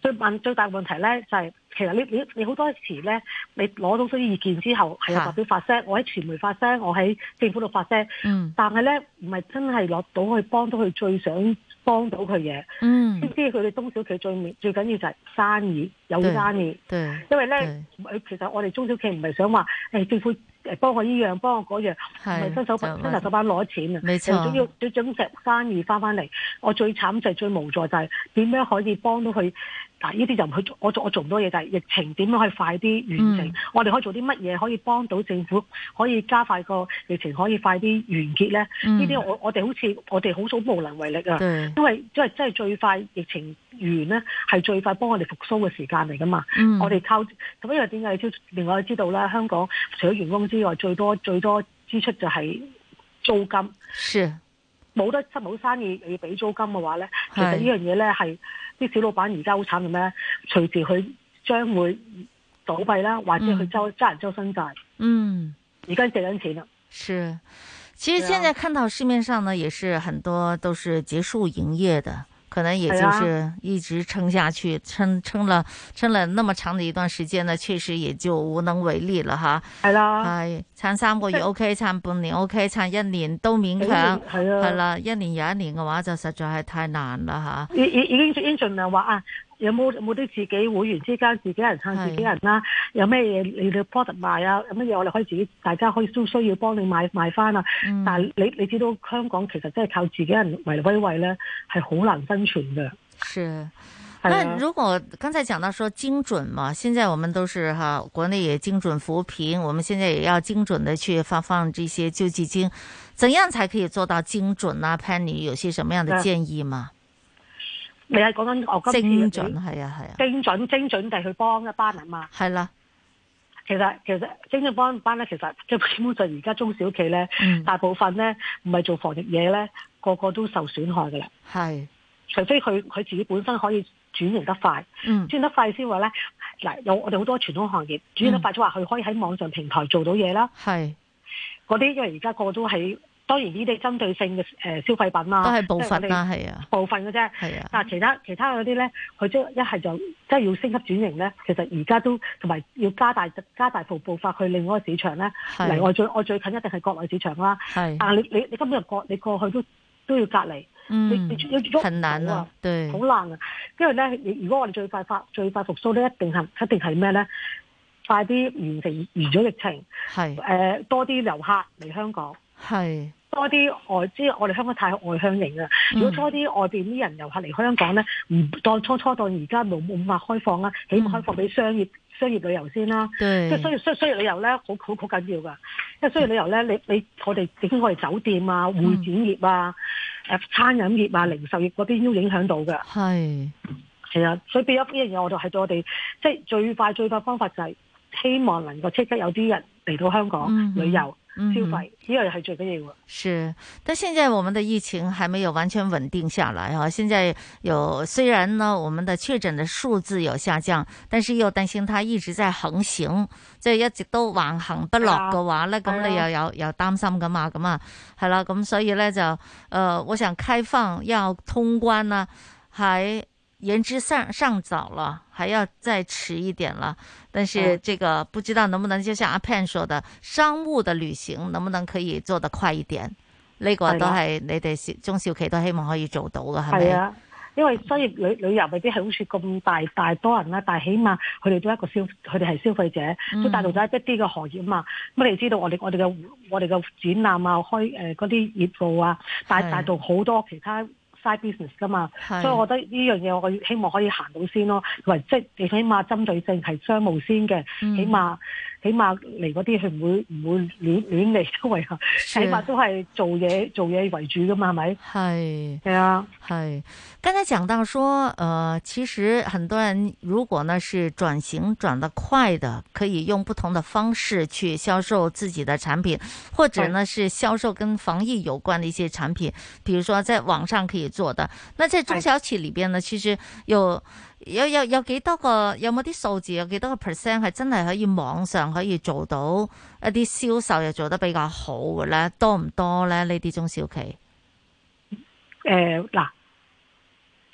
S9: 最問最大問題咧就係、是。其實你你你好多時咧，你攞到咗啲意見之後，係有發表發聲，的我喺傳媒發聲，我喺政府度發聲，嗯、但係咧唔係真係落到去幫到佢最想幫到佢嘢。嗯，知唔知佢哋中小企最最緊要就係生意有生意？生意。對對對，因為咧，其實我哋中小企唔係想話誒政府誒幫我依樣幫我嗰樣，係的唔係伸手伸、就係、手就攞錢啊。冇錯，我主要想揾生意翻翻嚟。我最慘就係、係、最無助就係、係、點樣可以幫到佢。嗱，呢啲就唔去做，我做我做唔到嘢，就係疫情點樣可以快啲完成？嗯、我哋可以做啲乜嘢可以幫到政府，可以加快個疫情可以快啲完結咧？呢啲、嗯、我我哋好似我哋好少無能為力啊，對因為因為真係最快疫情完咧，係最快幫我哋復甦嘅時間嚟噶嘛。嗯、我哋靠，咁因為點解？另外我知道咧，香港除咗員工之外，最多最多支出就係租金，冇是得冇生意要俾租金嘅話咧，是其實呢樣嘢咧係。啲小老闆而家好慘嘅咩？隨時佢將會倒閉啦，或者佢爭人周身債。嗯，而家借緊錢啦。
S6: 是，其實現在看到市面上呢，也是很多都是結束營業的。可能也就是一直撐下去，啊、撐撐了撐了那麼長的一段時間呢，確實也就無能為力了哈。係啦、啊，係撐、哎、三個月 OK，撐半年 OK，撐一年都勉強。係啊，係啦、啊，一年有一年嘅話就實在係太難啦吓。已
S9: 已經已經盡量話啊。有冇有冇啲自己會員之間自己人撐自己人啦、啊？是有咩嘢你哋 product 賣啊？有乜嘢我哋可以自己大家可以都需要幫你買買翻啊？嗯、但你你知道香港其實真係靠自己人維威維咧係好難生存嘅。是，但如
S6: 果剛才講到說精準嘛，現在我們都是哈、啊，國內也精準扶貧，我們現在也要精準的去發放這些救濟金，怎樣才可以做到精準啊？潘女士有些什麼樣的建議嗎？
S9: 你係講緊我精準係啊係啊，精、啊、準精準地去幫一班人嘛？係啦、啊，其實其實精準幫一班咧，其實基本上而家中小企咧，嗯、大部分咧唔係做防疫嘢咧，個個都受損害噶啦。係是，除非佢佢自己本身可以轉型得快，嗯、轉得快先話咧。嗱，有我哋好多傳統行業、嗯、轉型得快話，即話佢可以喺網上平台做到嘢啦。係是，嗰啲因為而家個個都喺。當然，呢啲針對性嘅誒消費品啦，都係部分啦，係啊，部分嘅啫。係啊，但係其他其他嗰啲咧，佢一係就即係要升級轉型咧。其實而家都同埋要加大加大步步伐去另外個市場咧。係嚟外最我最近一定係國內市場啦。係，但你你你根本你過去都都要隔離。嗯，你你你住難啊！對，好難啊！因為咧，如果我哋最快發最快復甦咧，一定係一定係咩咧？快啲完成完咗疫情。係。誒，多啲遊客嚟香港。係。多啲外資，我哋香港太外向型啦。如果多啲外邊啲人遊客嚟香港咧，唔、嗯、當初初當而家冇冇法開放啦，嗯、起碼開放俾商業商業旅遊先啦。即係商業商業旅遊咧，好好好緊要噶。所以旅遊咧，你你我哋整開哋酒店啊、會展業啊、嗯、啊、餐飲業啊、零售業嗰啲都影響到㗎。係，其實，所以變咗呢樣嘢，我、對我就係我哋即係最快最快方法就係希望能夠即刻有啲人嚟到香港旅遊。嗯嗯消費呢個係最
S6: 緊要啊！是，但現在我們的疫情還沒有完全穩定下來啊！現在有雖然呢我們的確診的數字有下降，但是又擔心它一直在橫行，行，即係一直都橫行不落嘅話咧，咁你又有又擔心噶嘛，嘛？咁啊，係啦，咁所以咧就，誒、呃，我想開放要通關啦，喺。言之尚尚早了，還要再遲一點了。但是這個、嗯、不知道能不能，就像阿 Pan 說的，商務的旅行能不能可以做得快一點。呢個都係你哋中小企都希望可以做到嘅，係咪啊，
S9: 啊？因為商業旅旅遊未必係好似咁大大多人啦、啊，但係起碼佢哋都一個消，佢哋係消費者，嗯、都帶動咗一啲嘅行業啊嘛。咁、嗯、你知道我哋我哋嘅我哋嘅展覽啊，開誒嗰啲業務啊，帶帶動好多其他。business 噶嘛。是所以我覺得呢樣嘢我希望可以行到先咯，或即係你起碼針對性係商務先嘅，起碼、嗯。起碼嚟嗰啲係唔會唔會亂亂嚟，因為起碼都係做嘢是做嘢為主噶嘛，係咪？係係是啊，係。
S6: 剛才講到說，呃，其實很多人如果呢是轉型轉得快的，可以用不同的方式去銷售自己的產品，或者呢是銷售跟防疫有關的一些產品，譬如說在網上可以做的。那在中小企裏邊呢，是其實有。有有有幾多個有冇啲數字有幾多個 percent 係真係可以網上可以做到一啲銷售又做得比較好嘅咧，多唔多
S9: 咧呢啲中小企？誒，嗱，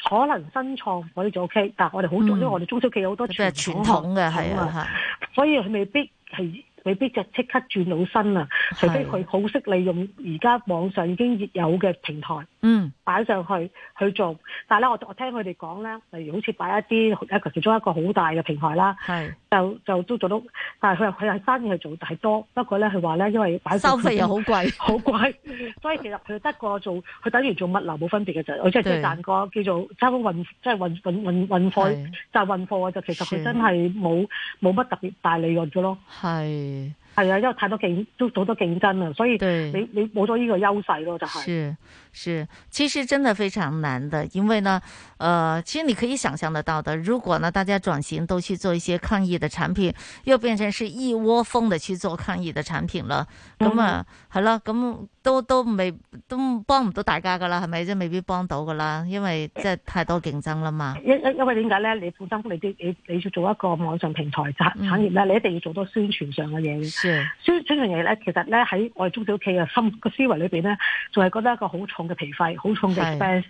S9: 可能新創可以做。OK，但係我哋好中，因為我哋中小企好多即係傳統嘅係啊，所以佢未必係。未必就即刻轉到身啊，除非佢好識利用而家網上已經有嘅平台，嗯，擺上去去做。但係咧，我我聽佢哋講咧，例如好似擺一啲一個其中一個好大嘅平台啦。係。就就都做到，但係佢佢係生意係做大多，不過咧佢話咧，因為擺收費又好貴，好貴， 所以其實佢得個做，佢等於做物流冇分別嘅就，我真即係賺個叫做差唔多運，即係運運運運貨就運、是、貨是就，其實佢真係冇冇乜特別大利潤嘅咯。係係啊，因為太多競都好多競爭啊，所以你對你冇咗呢個優勢咯，就係。是，其實真的非常難的，因
S6: 為呢，呃，其實你可以想象得到的，如果呢，大家轉型都去做一些抗疫的產品，又變成是一窩蜂地去做抗疫的產品了，咁、嗯、啊，係咯，咁都都未都幫唔到大家噶啦，係咪？即係未必幫到噶啦，因為即係太多競爭啦嘛。因
S9: 因為點解咧？你本身你啲你你要做一個網上平台產產業咧，你一定要做多宣傳上嘅嘢宣宣傳上嘢咧，其實咧喺我哋中小企嘅心個思維裏邊呢，仲係覺得一個好重。嘅皮費好 重嘅 expense，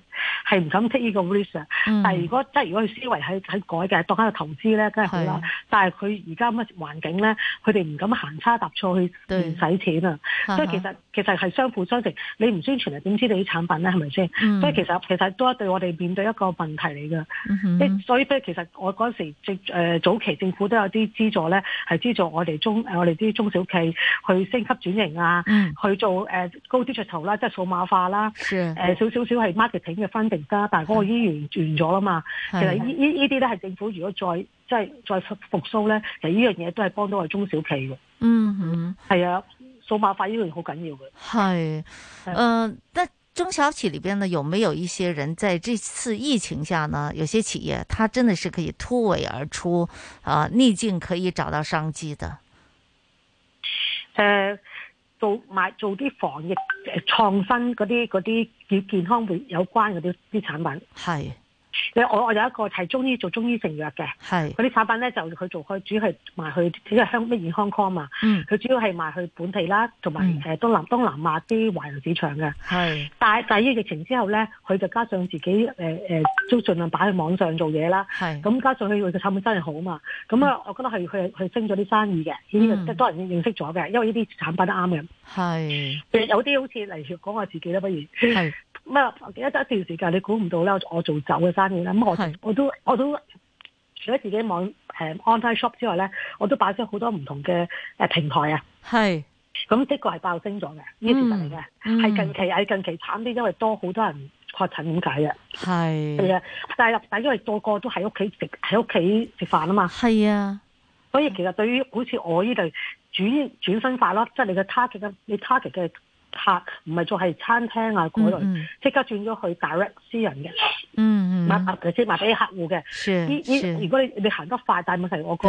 S9: 係唔敢 take 呢個 risk、嗯、 但係如果即係如果佢思維喺喺改嘅，當喺度投資咧，梗係好啦。但係佢而家咁嘅環境咧，佢哋唔敢行差踏錯去亂使錢啊。的所以其實其實係相輔相成。你唔宣傳啊，點知你啲產品咧？係咪先？嗯、所以其實其實都係對我哋面對一個問題嚟㗎。啲、嗯、哼所以其實我嗰陣時、呃、早期政府都有啲資助咧，係資助我哋中、呃、我哋啲中小企去升級轉型啊，嗯、去做、呃、高 digital 啦，即係數碼化啦、啊。誒少少少係 marketing 嘅分定家，funding, 但係嗰個依完轉咗啦嘛。是其實是的呢呢呢啲都係政府如果再即係再復復甦咧，其實呢樣嘢都係幫到我中小企嘅。嗯哼，係啊、嗯，數碼化呢樣好緊要
S6: 嘅。係是，誒的，得、呃、中小企裏邊呢，有冇有一些人，在這次疫情下呢？有些企業，它真的是可以突圍而出啊！逆境
S9: 可以找到商機的。誒、呃。做做啲防疫創新嗰啲嗰啲與健康會有關，嗰啲啲產品係。我我有一個係中醫做中醫成藥嘅，係嗰啲產品咧就佢做開，主要係賣去即係香咩健康康嘛，佢、嗯、主要係賣去本地啦，同埋誒東南、嗯、東南亞啲華人市場嘅，係是。但係但係呢個疫情之後咧，佢就加上自己誒誒都盡量擺喺網上做嘢啦，係是。咁加上佢嘅產品真係好嘛，咁、嗯、啊，我覺得佢佢佢升咗啲生意嘅，呢個即多人認識咗嘅，因為呢啲產品都啱嘅，係是。誒，有啲好似嚟講我自己啦，不如係。咩？記得一段時間你估唔到咧，我做酒嘅生意啦咁我我都,是我,都我都除咗自己網誒、嗯、online shop 之外咧，我都擺咗好多唔同嘅、呃、平台啊。咁是的確係爆升咗嘅，呢啲事嚟嘅。係、嗯、近期係近期慘啲，因為多好多人確診，咁解嘅？係，係啊，但係入底，因為個個都喺屋企食喺屋企食飯啊嘛。係啊，所以其實對於好似我呢度轉轉身法咯，即係、就是、你嘅 target 你 target 嘅。客唔係做係餐廳啊嗰類，即刻轉咗去 direct 私人嘅，嗯、即借埋俾客戶嘅。是如果你你行得快，但係問題我個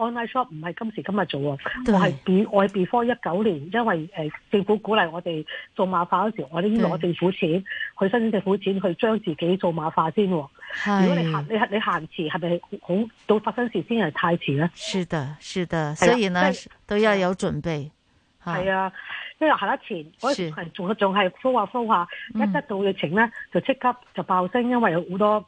S9: online shop 唔係今時今日做啊，我係我係 before 一九年，因為誒政府鼓勵我哋做馬化嗰時，我哋攞政府錢去申請政府錢去將自己做馬化先。如果你行你你行遲，係咪好到發生事先係太遲咧？是的，是的，所以呢都要有準備。係啊。即係下一前嗰時係仲仲係呼下呼下，嗯、一得到疫情咧就即刻就爆升，因為有好多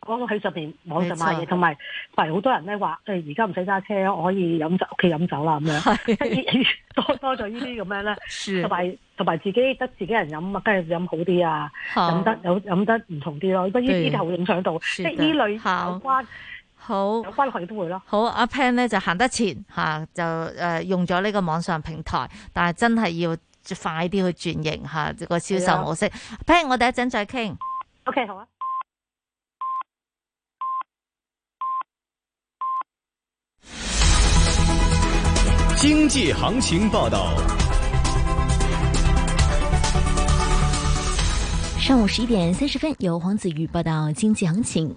S9: 嗰個喺上邊網上買嘢，同埋同好多人咧話誒，而家唔使揸車，我可以飲酒，屋企飲酒啦咁樣，多 多咗呢啲咁樣咧，同埋同埋自己得自己人飲啊，梗係飲好啲啊，飲好得有飲得唔同啲咯，不過依啲就會影響到，即係呢類有關。好，有關係都會咯。好，阿、
S6: 啊、Pan 咧就行得前吓、啊，就誒用咗呢個網上平台，但係真係要快啲去轉型吓、啊個銷售模式。啊、Pan，我哋一陣再傾。O、okay, K，
S10: 好
S2: 啊。經濟行情報道。
S11: 上午十一點三十分，由黃梓瑜報道經濟行情。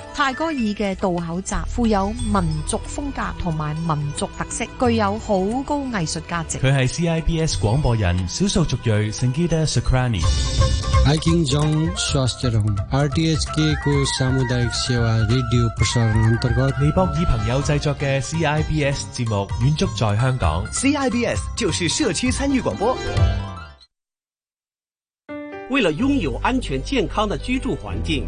S4: 泰戈爾嘅渡口集富有民族風格同埋
S9: 民族特色，具有好高藝術價值。佢
S4: 係 CIBS 廣播人，小受著於聖基德斯克蘭尼、艾金 s k Radio 播博以朋友製作嘅 CIBS 節目遠足在香港。CIBS 就是社區參與廣播。為了擁有安全健康的居住環境。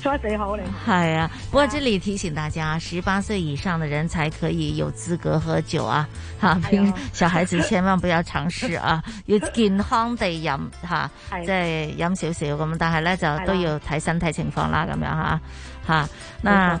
S9: 做得幾
S6: 好咧！係啊，不過這裏提醒大家、啊，十八歲以上的人才可以有資格喝酒啊，哈、啊的，小孩子千萬不要嘗試啊，要 健康地飲，吓、啊，即係飲少少咁，但係呢，就都要睇身體情況啦，咁的樣吓、啊，吓、啊，那。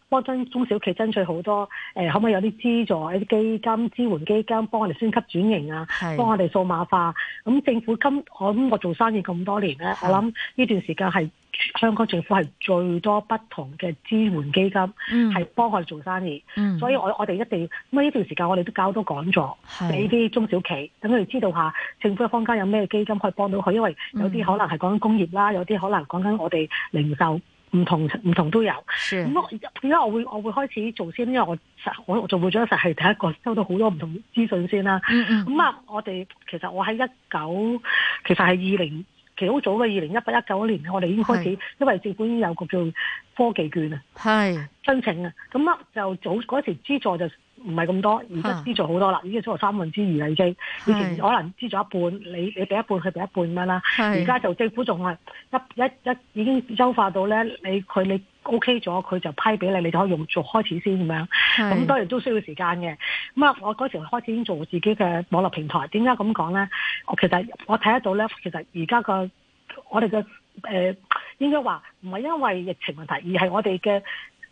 S9: 幫中小企爭取好多，誒、呃、可唔可以有啲資助、一啲基金、支援基金幫我哋升級轉型啊，是幫我哋數碼化。咁政府今，我諗我做生意咁多年咧，是我諗呢段時間係香港政府係最多不同嘅支援基金，係、嗯、幫我哋做生意。嗯、所以我我哋一定咁啊！呢段時間我哋都搞多講座，俾啲中小企，等佢哋知道下政府嘅坊間有咩基金可以幫到佢，因為有啲可能係講緊工業啦，有啲可能講緊我哋零售。唔同唔同都有，咁我點解我會我會開始做先？因為我，我會實我做會長實係第一個收到好多唔同資訊先啦。咁啊、嗯嗯，我哋其實我喺一九，其實係二零，其實好早嘅二零一八一九年，我哋已經開始，的因為政府已經有個叫科技券啊，的申請啊，咁啊就早嗰時資助就。唔係咁多，而家資助好多啦，啊、已經超過三分之二啦，已經。以前可能資助一半，是你你俾一半，佢俾一半咁樣啦。而家是就政府仲係一一一已經優化到咧，你佢你 OK 咗，佢就批俾你，你就可以用做開始先咁樣。咁是當然都需要時間嘅。咁啊，我嗰時開始已經做自己嘅網絡平台。點解咁講咧？我其實我睇得到咧，其實而家個我哋嘅誒應該話唔係因為疫情問題，而係我哋嘅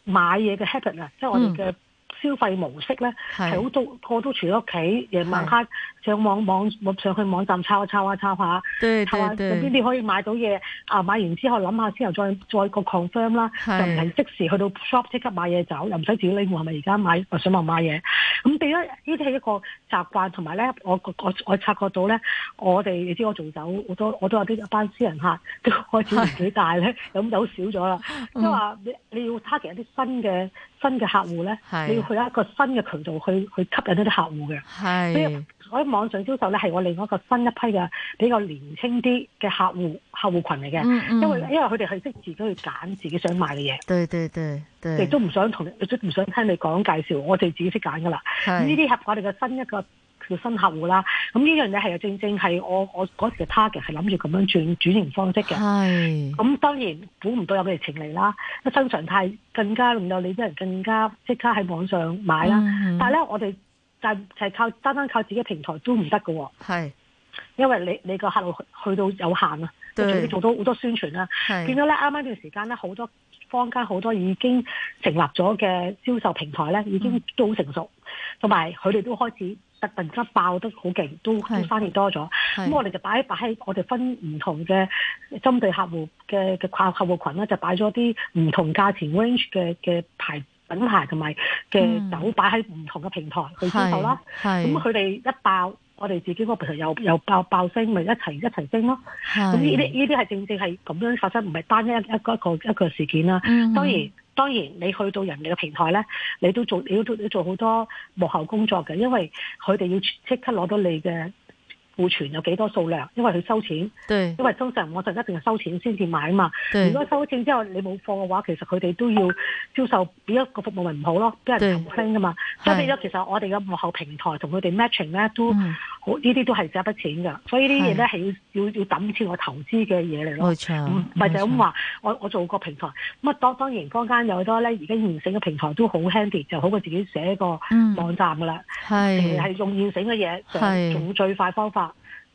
S9: 買嘢嘅 habit 啊、嗯，即係我哋嘅。消費模式咧，係好多個都除咗屋企，夜晚黑上網網上去網站抄一抄下抄下，對抄一下有邊啲可以買到嘢啊！買完之後諗下，之後再再個 confirm 啦，是就唔係即時去到 shop 即刻買嘢走，又唔使自己拎，係咪而家買上網買嘢？咁變咗呢啲係一個習慣，同埋咧，我我我，我察覺到咧，我哋你知我做酒，好多我都有啲一班私人客都開始年紀大咧，咁是就好少咗啦。即係話你你要 target 一啲新嘅。新嘅客戶咧，的你要去一個新嘅渠道去去吸引一啲客戶嘅。係的，所以喺網上銷售咧係我另外一個新一批嘅比較年輕啲嘅客戶客戶群嚟嘅，嗯嗯。因為因為佢哋係識自己去揀自己想買嘅嘢。對對對對，亦都唔想同唔想聽你講介紹，我哋自己識揀㗎啦。呢啲合我哋嘅新一個。叫新客戶啦，咁呢樣嘢係正正係我我嗰時嘅 target 係諗住咁樣轉轉型方式嘅。係，咁當然估唔到有佢哋情嚟啦。新常態更加令到你啲人更加即刻喺網上買啦。但係咧，我哋就就係靠單單靠自己平台都唔得嘅。係是，因為你你個客路去，去到有限啊，仲要對做到好多宣傳啦。係是，見到咧啱啱段時間咧，好多坊間好多已經成立咗嘅銷售平台咧，已經都成熟，同埋佢哋都開始。突然間爆得好勁，都都反多咗。咁我哋就擺一擺喺我哋分唔同嘅針對客戶嘅嘅客客戶群咧、啊，就擺咗啲唔同價錢 range 嘅嘅牌品牌、嗯、同埋嘅酒擺喺唔同嘅平台去銷售啦。咁佢哋一爆，我哋自己嗰個平台又又爆爆升，咪一齊一齊升咯。
S10: 咁呢啲
S9: 呢啲係正正係咁樣發生，唔係單一個一個一個事件啦。當、嗯、然。當然，你去到人哋嘅平台呢，你都做，你都做好多幕後工作嘅，因為佢哋要即刻攞到你嘅。庫存有幾多數量？因為佢收錢，因為收成我就一定係收錢先至買啊嘛。如果收咗錢之後你冇貨嘅話，其實佢哋都要銷售，俾一個服務咪唔好咯，俾人氹輕噶嘛。所以咁，其實我哋嘅幕後平台同佢哋 matching 咧都呢啲都係一筆錢㗎。所以呢啲嘢咧係要要要揼錢我投資嘅嘢嚟咯。咪就咁話，我我做個平台咁啊，當當然坊間有好多咧，而家現成嘅平台都好 handy，就好過自己寫個網站㗎啦。係係用現成嘅嘢，就做最快方法。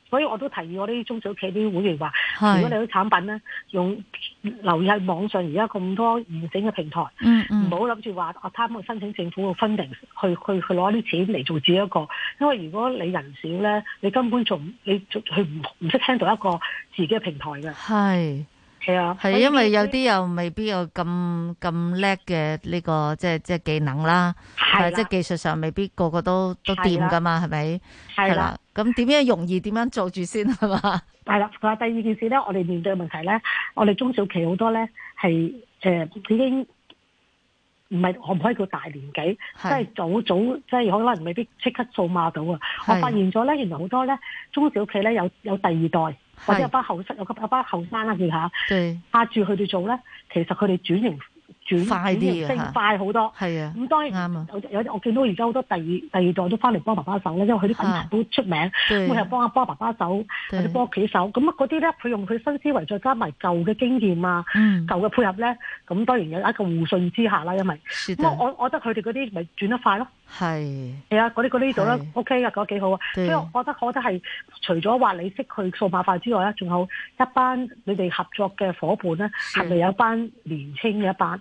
S9: 所以我都提議我啲中小企啲會員話：是如果你啲產品咧，用留意喺網上而家咁多完整嘅平台，唔好諗住話我貪去申請政府個分紅，去去去攞啲錢嚟做自己一個。因為如果你人少咧，你根本仲你仲唔唔識聽到一個自己嘅平台嘅。係係是啊，係以因為有啲
S6: 又未必有咁咁叻嘅呢個即係即係技能啦，係的即係技術上未必個個都的都掂噶嘛，係咪係啦？的
S9: 咁點樣容易？點樣做住先係嘛？係啦，佢話第二件事咧，我哋面對問題咧，我哋中小企好多咧係誒已經唔係我唔可以叫大年紀，是即係早早即係可能未必即刻數碼到啊！是我發現咗咧，原來好多咧中小企咧有有第二代或者有，班後，是有班後生有班後生啦，見下壓住佢哋做咧，其實佢哋轉型。轉快啲升快好多，係啊！咁當然有我見到而家好多第二第二代都翻嚟幫爸爸手咧，因為佢啲品牌都出名，咁咪又幫下幫爸爸手，或者幫屋企手。咁嗰啲咧，佢用佢新思維，再加埋舊嘅經驗啊，舊嘅配合咧，咁當然有一個互信之下啦，因為咁我我覺得佢哋嗰啲咪轉得快咯。係係啊，嗰啲嗰啲做咧 OK 嘅，覺得幾好啊。所以我覺得我覺得係除咗話你識去數碼化之外咧，仲有一班你哋合作嘅伙伴咧，係咪有一班年輕嘅一班？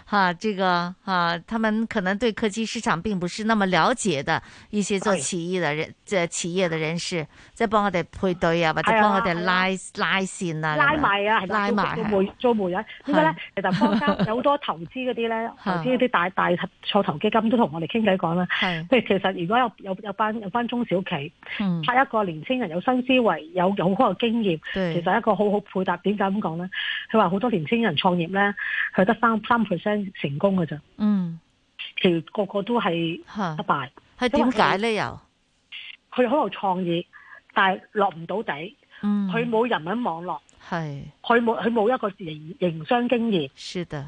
S6: 哈，這個哈，他們可能對科技市場並不是那麼了解的一些做企業的人，即係企業的人士，即係幫我哋配對啊，或者幫我哋拉拉線
S9: 啊，拉埋啊，係拉埋做媒人點解咧？其實坊間有好多投資嗰啲咧，投資啲大大創投基金都同我哋傾偈講啦。係，譬如其實如果有有有班有班中小企，拍一個年青人有新思維，有有好嘅經驗，其實一個好好配搭。點解咁講咧？佢話好多年青人創業咧，佢得三三 percent。成功嘅咋，嗯，其實個個都係失敗係點解咧？又佢好有創意，但係落唔到底，嗯，佢冇人脈網絡，係是，佢冇佢冇一個營營商經驗，是的，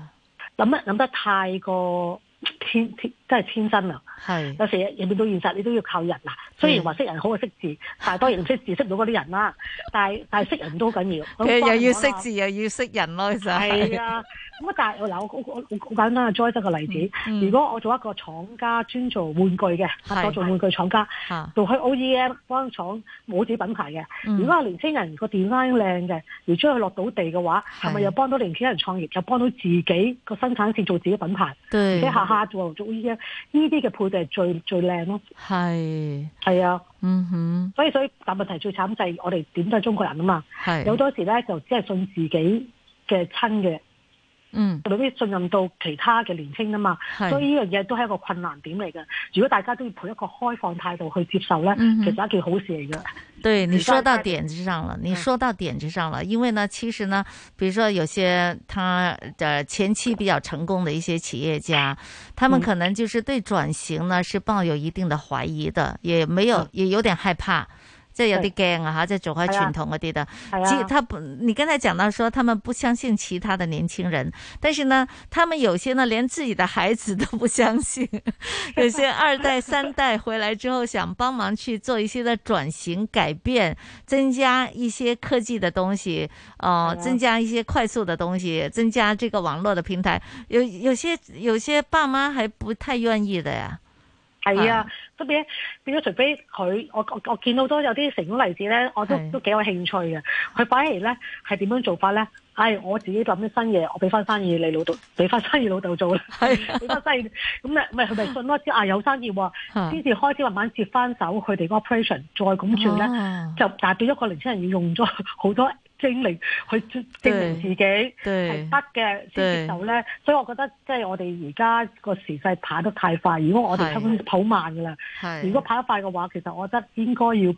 S9: 諗一諗得太過。天真係天真啊！有時入面到現實，你都要靠人嗱。雖然話識人好過識字，但當然識字，識唔到嗰啲人啦。但係但係識人都好緊要。又要識字又要識人咯，其實係啊。咁但係嗱，我我好簡單啊，choose 一個例子。如果我做一個廠家專做玩具嘅，我做玩具廠家，做去 OEM 幫廠冇自己品牌嘅。如果係年輕人個 design 靚嘅，而將佢落到地嘅話，係咪又幫到年輕人創業，又幫到自己個生產線做自己品牌？而下下。呢啲呢啲嘅配對係最最靚咯，係係是啊，嗯哼，所以所以但問題最慘就係我哋點都係中國人啊嘛，係好是多時咧就只係信自己嘅親嘅。嗯，未必信任到其他嘅年青啊嘛，所以呢樣嘢都係一個困難點嚟嘅。如果大家都要抱一個開放態度去接受咧，其實一件好事嚟嘅。
S6: 對，你說到點子
S9: 上了，你說到點子上了，因
S6: 為呢，其實呢，比如說有些他的前期比較成功的一些企業家，他們可能就是對轉型呢是抱有一定的懷疑的，也沒有，也有點害怕。
S1: 這有啲 game
S6: 啊，吓對，就做下傳統嗰啲的。哎、呀其實他不，哎、呀你剛才講到說，他們不相信其他的年輕人，但是呢，他們有些呢，連自己的孩子都不相信。 有些二代 三代回來之後，想幫忙去做一些的轉型， 改變、增加一些科技的東西，哦、呃，哎、呀增加一些快速的東西，增加這個網絡的平台。有有些
S9: 有些爸媽還不太願意的呀。係啊，特別咧變咗，除非佢，我我見見到有啲成功例子咧，我都是都幾有興趣嘅。佢擺嚟咧係點樣做法咧？係、哎、我自己諗啲新嘢，我俾翻生意你老豆，俾翻生意老豆做啦。係俾翻生意咁咧，咪？ 佢咪信咯？知啊有生意喎、啊，先至、啊、開始慢慢接翻手佢哋個 operation，再咁做咧，啊、就代表咗個年輕人要用咗好多。精明去證明自己係得嘅先接受咧，所以我覺得即係我哋而家個時勢跑得太快，如果我哋出門跑慢噶啦，的如果跑得快嘅話，其實我覺得應該要。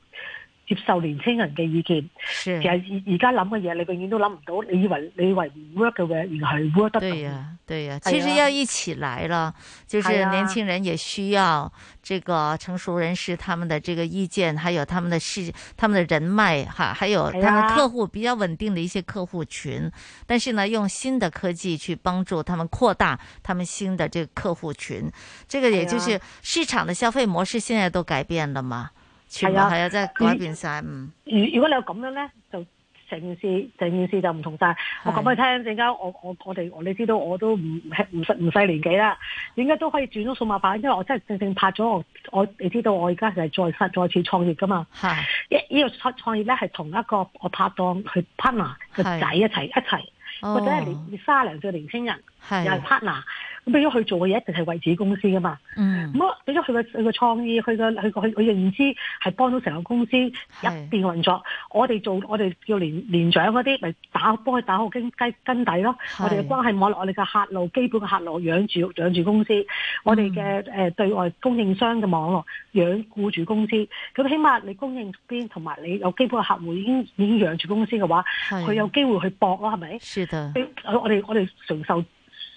S9: 接受年輕人嘅意見，是其實而家諗嘅嘢，你永遠都諗唔到你。你以為你以為唔 work 嘅嘅，原來 work 得咁。對呀、啊，對呀、啊。其、啊、實要一
S6: 起來啦，是啊、就是年輕人也需要這個成熟人士他們的這個意見，啊、還有他們的市、他們的人脈，哈，還有他們客戶比較穩定的一些客戶群。是啊、但是呢，用新的科技去幫助他們擴大他們新的這個客戶群，這個也就是市場的消費模式，現在都改變了嘛。係啊，係啊，即係改變晒。
S9: 如果如果你有咁樣咧，就成件事，成件事就唔同晒是。我講俾你聽，陣間我我我哋我你知道我，我都唔唔唔細年紀啦，點解都可以轉到數碼版，因為我真係正正拍咗我我你知道我而家就係再再再次創業噶嘛。係是。一呢個創創業咧係同一個我拍檔佢 partner 個仔一齊是一齊，或者係年卅零歲年輕人是又係 partner。咁俾咗佢做嘅嘢一定係為自己公司噶嘛？嗯。咁俾咗佢嘅佢嘅創意，佢嘅佢佢佢認知係幫到成個公司一邊運作。是我哋做我哋叫年年長嗰啲，咪打幫佢打好根根底咯。是我哋嘅關係網絡，我哋嘅客路，基本嘅客路養住養住公司。我哋嘅誒對外供應商嘅網絡養顧住公司。咁起碼你供應邊同埋你有基本嘅客戶已經已經養住公司嘅話，佢是有機會去搏咯，係咪的？我哋我哋承受。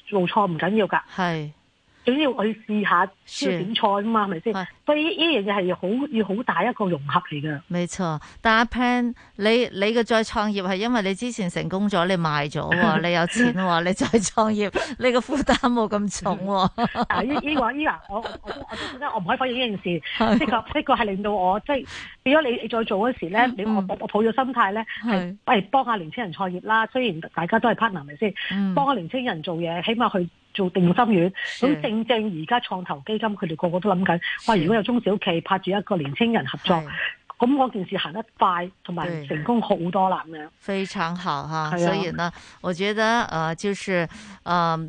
S9: 做錯唔緊要㗎。係。總要去試下，要點菜啊嘛，係咪先？所以呢樣嘢係好要
S6: 好大一個融合嚟噶。沒錯，但阿 Pan，你你嘅再創業係因為你之前成功咗，你賣咗，你有錢，你再創業，你個負擔冇咁重。
S9: 啊，呢呢話呢，我我都覺得我唔可以否認呢件事。呢個呢個係令到我即係，如果你你再做嗰時咧，你我我抱咗心態咧，係係幫下年青人創業啦。雖然大家都係 partner，咪先？幫下年青人做嘢，起碼去。做定心丸，咁是正正而家創投基金佢哋個個都諗緊：是「喂，如果有中小企拍住一個年青人合作，咁嗰是件事行得快同埋是成功好多啦，咁樣非常
S6: 好吓、啊，啊、所以呢，我覺得呃就是嗯。呃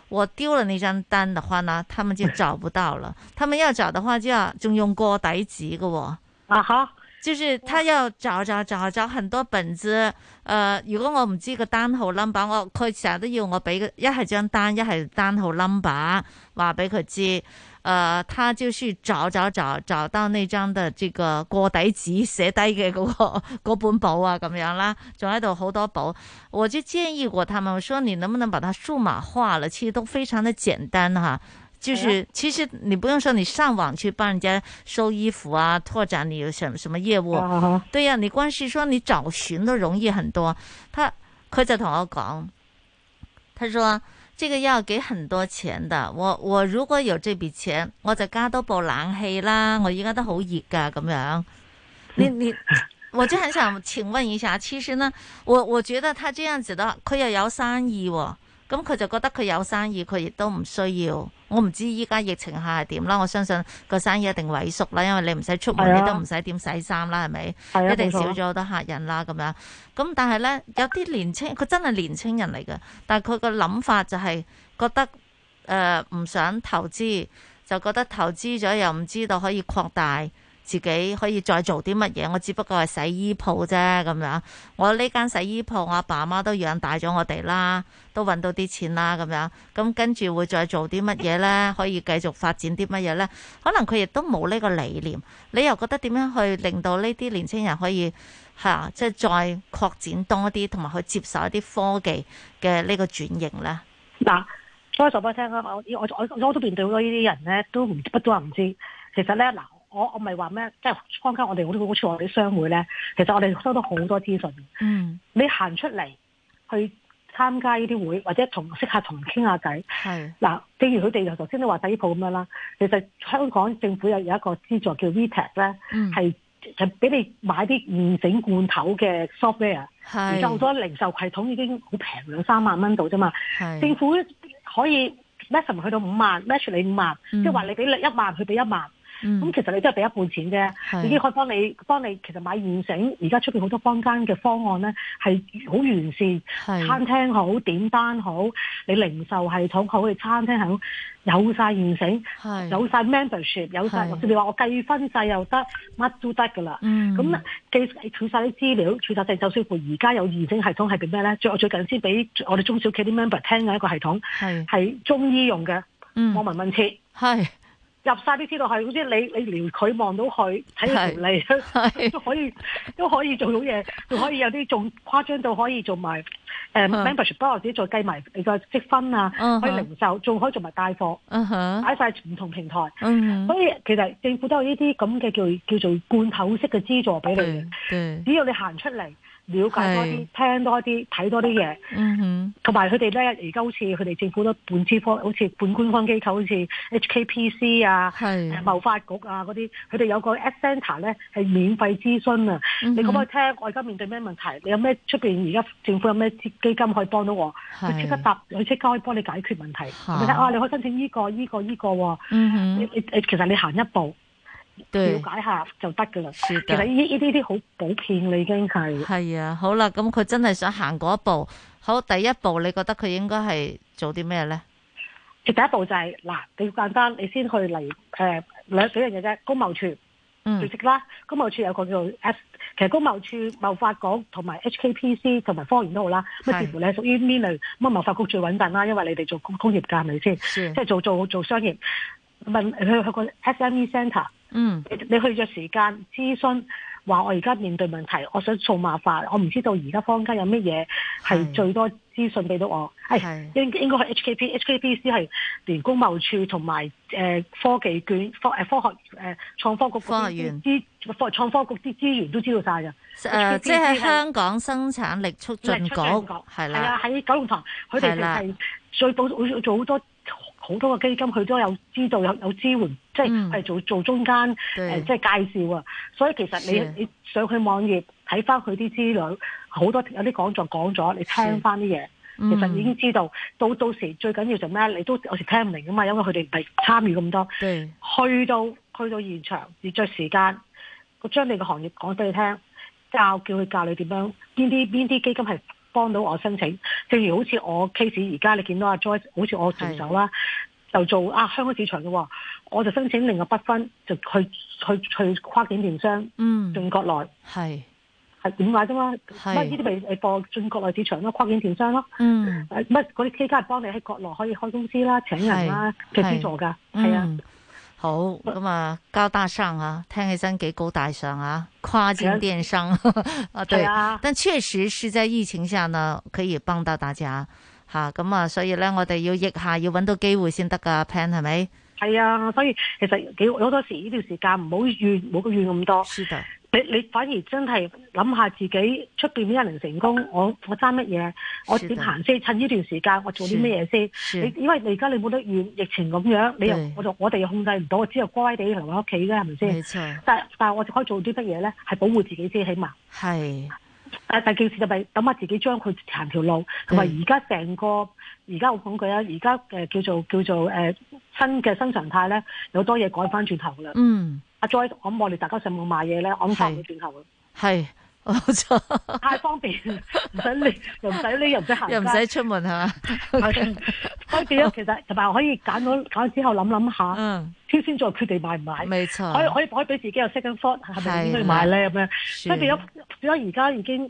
S6: 我丟了那張單的話呢，他們就找不到了。他們要找的話就要，就要就用過底紙個啊。好，就是他要找，找找找找很多本子。呃，如果我唔知個單號 number，我佢成日都要我俾一係張單，一係單號 number，話俾佢知。呃，他就去找找找，找到那張的這個過底紙寫低嘅嗰個本簿啊，咁樣啦，仲喺度好多簿，我就建議過他們，我說你能不能把它數碼化了？其實都非常的簡單哈、啊，就是其實你不用說你上網去幫人家收衣服啊，拓展你有什麼什麼業務，啊、對呀、啊，你光是說你找尋都容易很多，他佢就同我講，他說。這個要給很多錢的，我我如果有這筆錢，我就加多部冷氣啦，我而家都好熱㗎，咁樣。你你，我就很想請問一下，其實呢，我我覺得他這樣子的，佢有有生意喎、哦。咁佢就覺得佢有生意，佢亦都唔需要。我唔知依家疫情下係點啦。我相信個生意一定萎縮啦，因為你唔使出門，啊、你都唔使點洗衫啦，係咪？啊、一定少咗好多客人啦，咁樣。咁但係呢，有啲年青，佢真係年青人嚟嘅，但係佢個諗法就係覺得誒唔、呃、想投資，就覺得投資咗又唔知道可以擴大。自己可以再做啲乜嘢？我只不過係洗衣鋪啫，咁樣。我呢間洗衣鋪我阿爸媽都養大咗我哋啦，都揾到啲錢啦，咁樣。咁跟住會再做啲乜嘢咧？可以繼續發展啲乜嘢咧？可能佢亦都冇呢個理念。你又覺得點樣去令到呢啲年青人可以吓，即係、啊就是、再擴展多啲，同埋去接受一啲科技嘅呢個轉型咧？嗱，
S9: 所以俾我聽啊！我我我，我都面對咗呢啲人咧，都不都話唔知。其實咧，嗱。我我咪話咩？即係參加我哋好好似我啲商會咧。其實我哋收到好多資訊。嗯。你行出嚟去參加呢啲會，或者識客同識下同傾下偈。嗱，是正如佢哋就頭先都話第一鋪咁樣啦。其實香港政府有有一個資助叫 VTEC 咧，係俾、嗯、你買啲完整罐頭嘅 software。是而家好多零售系統已經好平，兩三萬蚊度啫嘛。是政府可以 5, 000,、嗯、match 去到五萬，match 你五萬，即係話你俾你一萬，佢俾一萬。咁、嗯、其實你都係俾一半錢啫，是已經可以幫你幫你其實買現成，而家出邊好多坊間嘅方案咧，係好完善，是餐廳好點單好，你零售系統好，你餐廳好，有晒現成，
S7: 有晒
S9: membership，有晒。你話我計分制又得乜都得噶啦。咁計儲晒啲資料，儲晒啲，就算乎而家有現成系統係俾咩咧？最最近先俾我哋中小企啲 member 聽嘅一個系統，係是中醫用嘅，嗯、望聞問切入晒啲資料去，好似你你撩佢望到佢睇條例，你都可以都可以做到嘢，仲可以有啲仲誇張到可以做埋誒、um, uh huh. membership，不過自己再計埋你個積分啊，uh huh. 可以零售，仲可以做埋帶貨，擺晒唔同平台，uh huh. 所以其實政府都有呢啲咁嘅叫叫做罐頭式嘅資助俾你嘅，uh huh. 只要你行出嚟。了解多啲，是聽多啲，睇多啲嘢。嗯同埋佢哋咧，而家好似佢哋政府都半官方，好似半官方機構，好似 HKPC 啊，誒是，貿發局啊嗰啲，佢哋有個 at center 呢，咧係免費諮詢啊。嗯、哼你可唔可以聽，我而家面對咩問題？你有咩出邊？而家政府有咩基金可以幫到我？佢即是刻答，佢即刻可以幫你解決問題。啊,啊，你可以申請呢、呢個、呢、呢個、呢、呢個喎、哦嗯哼。你你其實你行一步。了解下就得噶啦，其實呢
S6: 呢啲好普遍你，已經係係啊，好啦，咁佢真係想行嗰一步，好第
S9: 一步，你覺得佢應該係做啲咩咧？其實第一步就係嗱，你簡單，你先去嚟誒兩幾樣嘢啫，工貿處，嗯，最直啦，工貿處有個叫做 S，其實工貿處貿發局同埋 HKPC 同埋科研都好啦，咁似乎你係屬於呢類，咁貿發局最穩陣啦，因為你哋做工工業噶係咪先？即係做做做商業。問佢去，去個 SME centre，嗯你，你去咗時間諮詢，話我而家面對問題，我想數碼化，我唔知道而家坊間有咩嘢係最多資訊俾到我。係、哎、應是應該係 HKP，HKP 先係連工貿處同埋、呃、科技卷科誒科學創科局，局科學員資科，科局啲資源都知道晒㗎。呃、即係香港生產力促進局係啦，係啊，喺的的九龍塘佢哋係最做做好多。好多個基金佢都有知道有有支援，即係係、嗯、做做中間誒對、呃，即係介紹啊。所以其實你的你上去網頁睇翻佢啲資料，好多有啲講座講咗，你聽翻啲嘢，的其實已經知道。到到時最緊要就咩你都有時聽唔明噶嘛，因為佢哋唔係參與咁多。對去到去到現場，節着時間，我將你個行業講俾你聽，教叫佢教你點樣邊啲邊啲基金係。幫到我申請，正如好似我 case 而家你見到阿 Joy，好似我助手啦，是就做啊香港市場嘅，我就申請另外部分就去去去跨境電商，嗯，進國內，係係點解啫嘛？乜呢啲咪誒播進國內市場咯，跨境電商咯，
S7: 嗯，
S9: 乜嗰啲 K 家幫你喺國內可以開公司啦、請人啦嘅資助噶，係啊。
S6: 好咁啊，高大上啊，聽起身幾高大上啊，跨境電商啊，的 對啊。的但確實是在疫情下呢，可以幫到大家。吓、啊，咁啊，所以咧我哋要逆下，要揾到機會先得噶，Pan 係咪？係
S9: 啊，所以其實幾好多時呢段時間唔好怨，唔好怨咁多。你你反而真係諗下自己出邊邊一人能成功，我我爭乜嘢？我點的行先？趁呢段時間，我做啲乜嘢先？你因為你而家你冇得遠，疫情咁樣，你又對我就我哋又控制唔到，我只有乖地留喺屋企㗎，係咪先？但但係我就可以做啲乜嘢咧？係保護自己先，起碼係。誒的，第件事就係等下自己將佢行條路，同埋而家成個而家我講句啊，而家誒叫做叫做誒、呃、新嘅新常態咧，有多嘢改翻轉頭啦。嗯。阿 joy，我哋大家上網買嘢咧，我都發個訂購啊。係，冇錯。太方便，唔使拎，又唔使拎，又唔使行街，又唔使出門嚇。所以變咗其實同埋可以揀到揀之後諗諗下，挑先再決定買唔買。冇錯，可以可以俾自己有 second thought，係咪應該買咧咁樣？所以變咗變咗，而家已經。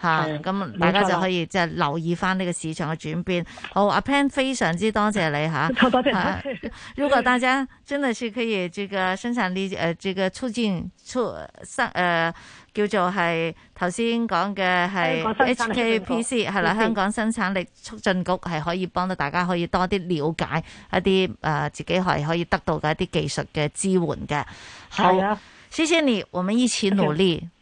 S6: 吓，咁大家就可以即係留意翻呢個市場嘅轉變。冇錯。好，阿 Pen 非常之多謝你吓。如果大家真係是可以這個生產力誒，這個促進促誒，叫做係頭先講嘅係 HKPC 係啦，香港生產力促進局係可以幫到大家可以多啲了解一啲誒自己係可以得到嘅一啲技術嘅支援嘅。係啊，謝謝你，我們一起努力。Okay.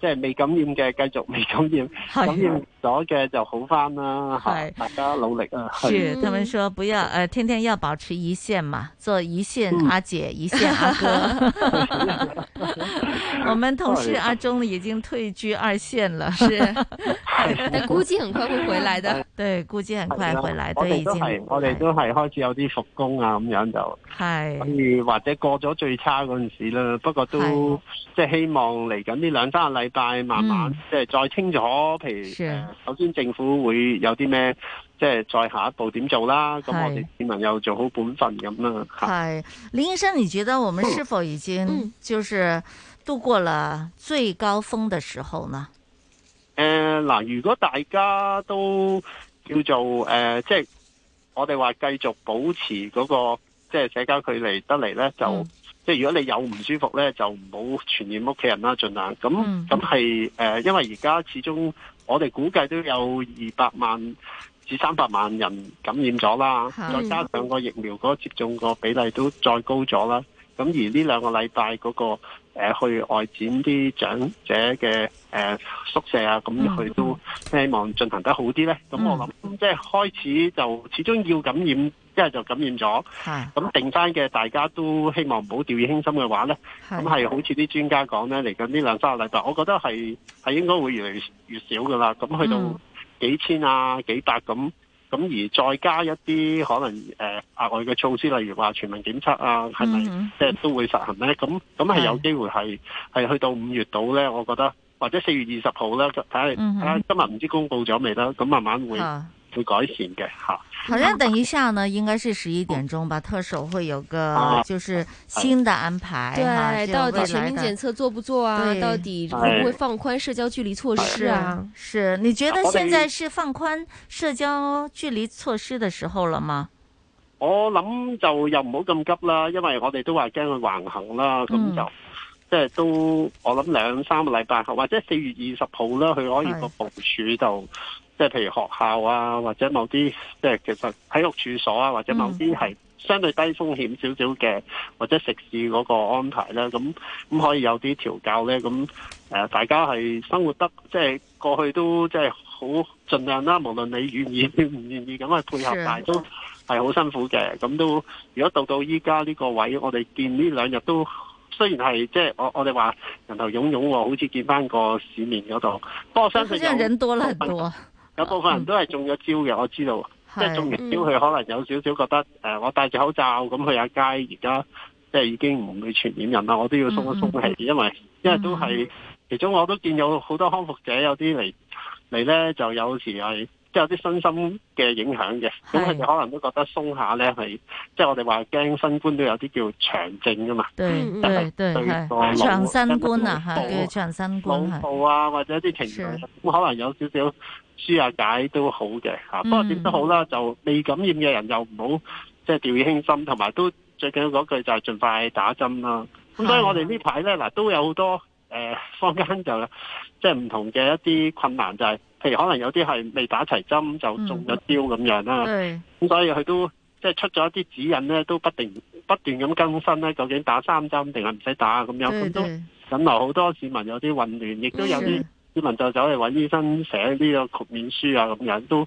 S5: 即係未感染嘅繼續未感染，感染咗嘅就好返啦。係大家努力啊！是他們說
S6: 不要誒，天天要保持一線嘛，做一線阿姐、一線阿哥。我們同事阿忠已經退居二線了，是，但估計很快會回來的。對，估計很快回來。我哋都係，
S5: 我哋都係開始有啲復工啊，咁樣就係。所以或者過咗最差嗰陣時啦，不過都即係希望嚟緊呢兩三禮拜。但係慢慢、嗯、即係再清楚，譬如是首先政府會有啲咩，即係再下一步點做啦。咁是我哋市民又做好本分咁啦。係
S6: 是林醫生，你覺得我們是否已經、嗯、就是度過了最高峰的時候呢？
S5: 誒嗱、嗯呃，如果大家都叫做誒、呃，即係我哋話繼續保持嗰、那個即係社交距離得嚟呢，就。嗯即係如果你有唔舒服咧，就唔好傳染屋企人啦，儘量。咁咁係誒，因為而家始終我哋估計都有二百萬至三百萬人感染咗啦，mm hmm. 再加上個疫苗嗰個接種個比例都再高咗啦。咁而呢兩個禮拜嗰個、呃、去外展啲長者嘅誒、呃、宿舍啊，咁佢都希望進行得好啲咧。咁我諗、mm hmm. 即係開始就始終要感染。即係就感染咗，咁是定翻嘅大家都希望唔好掉以輕心嘅話咧，
S7: 咁係是好
S5: 似啲專家講咧，嚟緊呢兩三個禮拜，我覺得係係應該會越嚟越少㗎喇。咁去到幾千啊、嗯、幾百咁，咁而再加一啲可能誒額、呃、外嘅措施，例如話全民檢測啊，係咪即係都會實行咧？咁咁係有機會係係是去到五月度咧，我覺得或者四月二十號咧，睇下睇下、嗯、哼今日唔知公佈咗未啦。咁慢慢會。會改善嘅吓，啊、好
S6: 像等一下呢，應該是十一點鐘吧。啊、特首會有個就是新的安排，啊、對，到底全民檢測
S3: 做不做啊？對到底會不會放寬社交距離措施啊，啊？
S6: 是，你覺得現在是放寬社交距離措施的時候了嗎？
S5: 我諗就又唔好咁急啦，因為我哋都話驚佢橫行啦，咁、嗯、就即係都我諗兩三個禮拜，或者四月二十號啦，佢可以個部署就。即係譬如學校啊，或者某啲即係其實體育處所啊，或者某啲係相對低風險少少嘅，嗯、或者食肆嗰個安排啦。咁咁可以有啲調教咧，咁、呃、大家係生活得即係、就是、過去都即係好盡量啦、啊。無論你願意唔願意咁去的配合大，但係都係好辛苦嘅。咁都如果到到依家呢個位，我哋見呢兩日都雖然係即係我我哋話人頭湧湧，好似見翻個市面嗰度，不過相信人多啦。有部分人都係中咗招嘅，我知道，
S7: 即係中完招，佢
S5: 可能有少少覺得，誒，我戴住口罩咁去下街，而家即係已經唔會傳染人啦，我都要鬆一鬆氣，因為因為都係其中我都見有好多康復者，有啲嚟嚟咧，就有時係即係有啲身心嘅影響嘅，咁佢哋可能都覺得鬆下咧係，即係我哋話驚新冠都有啲叫長症噶嘛，對對對，長新冠啊
S6: 嚇，叫長新冠
S5: 啊，攞布啊或者啲情緒，咁可能有少少。輸下、啊、解都好嘅，不過點都好啦，嗯、就未感染嘅人又唔好即係掉以輕心，同埋都最緊要嗰句就係盡快打針啦。咁、啊、所以我哋呢排咧嗱都有好多誒、呃、坊間就即係唔同嘅一啲困難，就係、是、譬如可能有啲係未打齊針就中咗招咁樣啦。
S7: 咁、
S5: 嗯、所以佢都即係、就是、出咗一啲指引咧，都不定不斷咁更新咧，究竟打三針定係唔使打咁樣，咁都引來好多市民有啲混亂，亦都有啲。啲人就走嚟揾醫生寫呢個豁免書啊，咁樣都。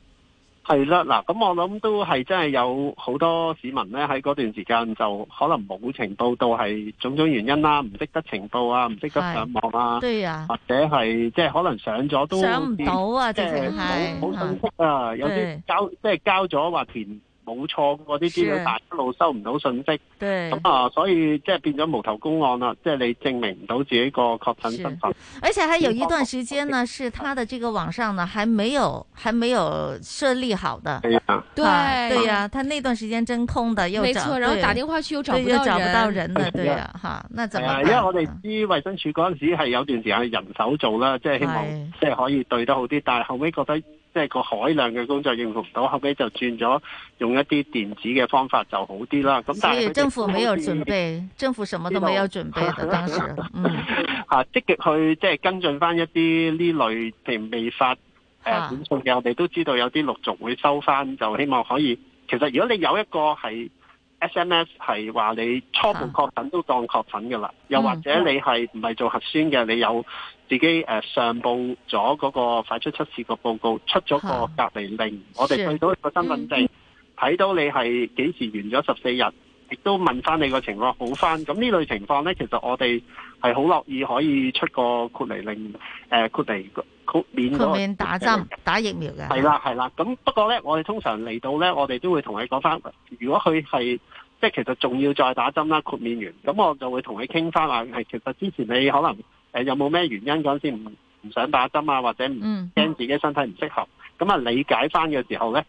S5: 係啦，嗱，咁我諗都係真係有好多市民咧，喺嗰段時間就可能冇情報到，係種種原因啦、啊，唔識得情報啊，唔識得上網啊，對啊或者係即係可能上咗都上唔、啊就是、
S6: 到啊，即係好好心
S5: 急啊，有啲交即係、就是、交咗話填。冇錯，嗰啲資料大一路收唔到信息，咁啊，所以即係變咗無頭公案啦，即係你證明唔到自己個確診身份。
S6: 而且，還有一段時間呢，是他的這個網上呢，還沒有，還沒有設立好的。啊，對，對呀，啊，他那段時間真空的，又冇錯，對然後打電話去又找不到又找不到人了，對呀，哈，那
S5: 怎麼辦？啊因為我哋知衛生署嗰陣時係有段時間人手做啦，即係希望即係可以對得好啲，是但係後尾覺得。即係個海量嘅工作應付唔到，後尾就轉咗用一啲電子嘅方法就好啲啦。咁但係政府
S6: 沒有準備，政府什麼都沒有準備，當
S5: 時。嚇、 嗯啊！積極去即係跟進翻一啲呢類譬如未發誒短信嘅，呃啊、我哋都知道有啲陸續會收翻，就希望可以。其實如果你有一個係。SMS 係話你初步確診都當確診㗎啦，嗯、又或者你係唔係做核酸嘅？你有自己誒上報咗個快速測試個報告，出咗個隔離令，嗯、我哋去到個身份證睇到你係幾時完咗十四日。亦都問翻你個情況好翻，咁呢類情況呢，其實我哋係好樂意可以出個豁免令誒豁免、豁免、豁免
S6: 打針、打疫苗嘅。係啦，
S5: 係啦。咁不過呢，我哋通常嚟到呢，我哋都會同你講翻，如果佢係即係其實仲要再打針啦，豁免完，咁我就會同你傾翻話係其實之前你可能誒、呃、有冇咩原因嗰陣時唔唔想打針啊，或者唔驚自己身體唔適合，咁啊理解翻嘅時候呢。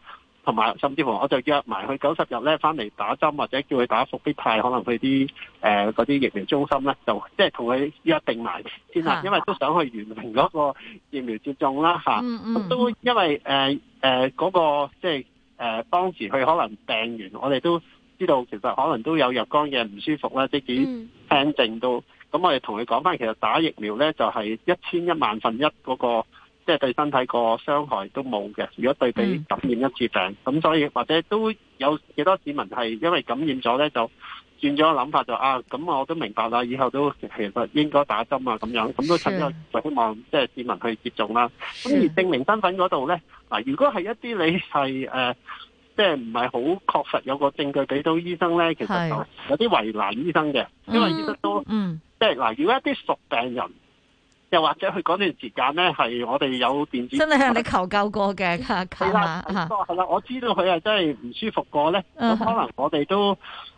S5: 同埋甚至乎，我就約埋佢九十日咧，翻嚟打針或者叫佢打復必泰，可能佢啲誒嗰啲疫苗中心咧，就即係同佢約定埋先啦。因為都想去完成嗰個疫苗接種啦，咁、啊嗯嗯、都因為誒嗰、呃呃嗰個即係誒、呃、當時佢可能病完，我哋都知道其實可能都有若干嘅唔舒服啦，即係幾輕症到。咁、嗯、我哋同佢講翻，其實打疫苗咧就係一千一萬分一嗰個。即係對身體個傷害都冇嘅，如果對比、嗯、感染一次病，咁所以或者都有幾多市民係因為感染咗咧，就轉咗個諗法就，就啊，咁我都明白啦，以後都其實應該打針啊，咁樣，咁是都趁依就希望即係、就是、市民去接種啦。咁是而證明身份嗰度咧，嗱，如果係一啲你係誒，即係唔係好確實有個證據俾到醫生咧，是其實就有啲為難醫生嘅，嗯、因為醫生都，嗯、即係嗱，如果一啲熟病人。又或者佢嗰段時間咧，係我哋有電子真係向
S6: 你求救過嘅嚇，係啦，
S5: 係啦，我知道佢係真係唔舒服過咧。咁可能我哋都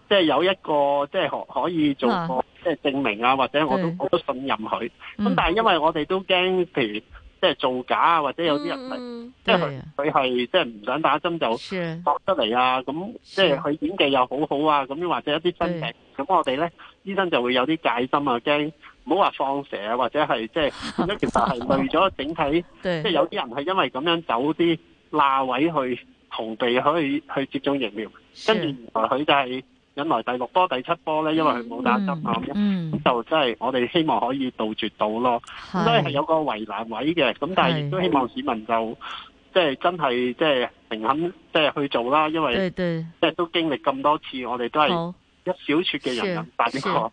S5: 即係有一個即係可可以做個即係證明啊，或者我都我都信任佢。咁但係因為我哋都驚，譬如即係造假啊，或者有啲人嚟，即係佢佢係即係唔想打針就講出嚟啊。咁即係佢演技又好好啊。咁或者一啲生病，咁我哋咧醫生就會有啲戒心啊，驚。唔好話放蛇啊，或者係即係，而家其實係累咗整體，即係有啲人係因為咁樣走啲罅位去逃避可以去接種疫苗，跟住原來佢就係引來第六波、第七波咧，因為佢冇打針啊，咁就真係我哋希望可以杜絕到咯。咁所以係有個圍難位嘅，咁但係亦都希望市民就即係真係即係平衡，即係去做啦。因為即係都經歷咁多次，我哋都係一小撮嘅人能辦到。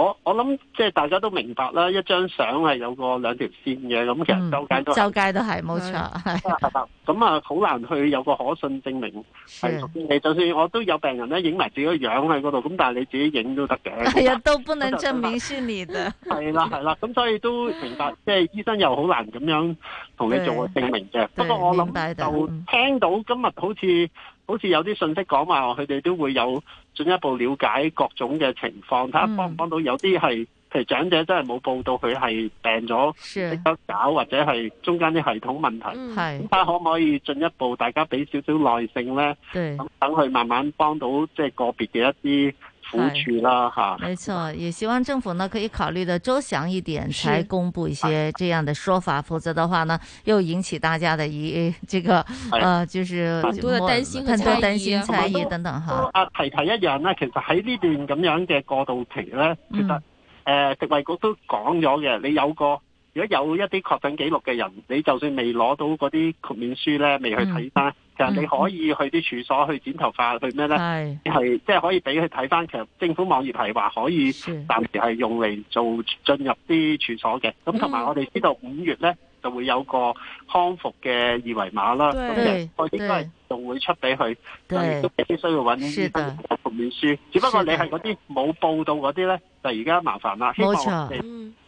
S5: 我我諗，即係大家都明白啦，一張相係有個兩條線嘅，咁其實周街都周街
S6: 都係冇錯。
S5: 咁啊，好難去有個可信證明係你，就算我都有病人咧，影埋自己個樣喺嗰度，咁但係你自己影都得嘅。係啊，都不能證明是你的。係啦係啦，咁所以都明白，即係醫生又好難咁樣同你做個證明嘅。不過我諗就聽到今日好似好似有啲信息講埋話，佢哋都會有。進一步了解各種嘅情況，睇下幫唔幫到、嗯、有啲係，譬如長者真係冇報到，佢係病咗得搞，或者係中間啲系統問題。係咁、嗯，睇下可唔可以進一步，大家俾少少耐性咧，咁等佢慢慢幫到，即係個別嘅一啲。部啦，吓，沒
S6: 錯，也希望政府呢可以考慮得周詳一點，才公布一些這樣的說法，是否則的話呢，又引起大家的疑，這個，是呃，就是很多擔心對、很多擔心、猜疑等等，吓。
S5: 阿提提一樣呢，其實喺呢段咁樣嘅過渡期呢，嗯、其實，誒、呃，食衛局都講咗嘅，你有個。如果有一啲確診記錄嘅人，你就算未攞到嗰啲豁免書咧，未去睇翻，嗯、其實你可以去啲處所去剪頭髮，去咩咧？係即係可以俾佢睇翻。其實政府網頁係話可以暫時係用嚟做進入啲處所嘅。咁同埋我哋知道五月咧就會有個康復嘅二維碼啦。今日我應該就會出俾佢，對但係都必須要搵啲豁免書。的只不過你係嗰啲冇報道嗰啲咧，就而家麻煩啦。希望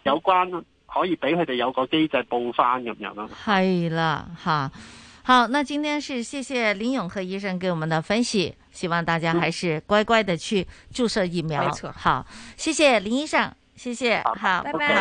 S5: 有關。可以俾佢哋有個機制報
S6: 翻咁樣咯。係啦，吓，好，好，那今天是謝謝林永和醫生給我們的分析，希望大家還是乖乖的去注射疫苗。嗯，沒錯，好，謝謝林醫生，謝謝，嗯，好，拜拜。Okay.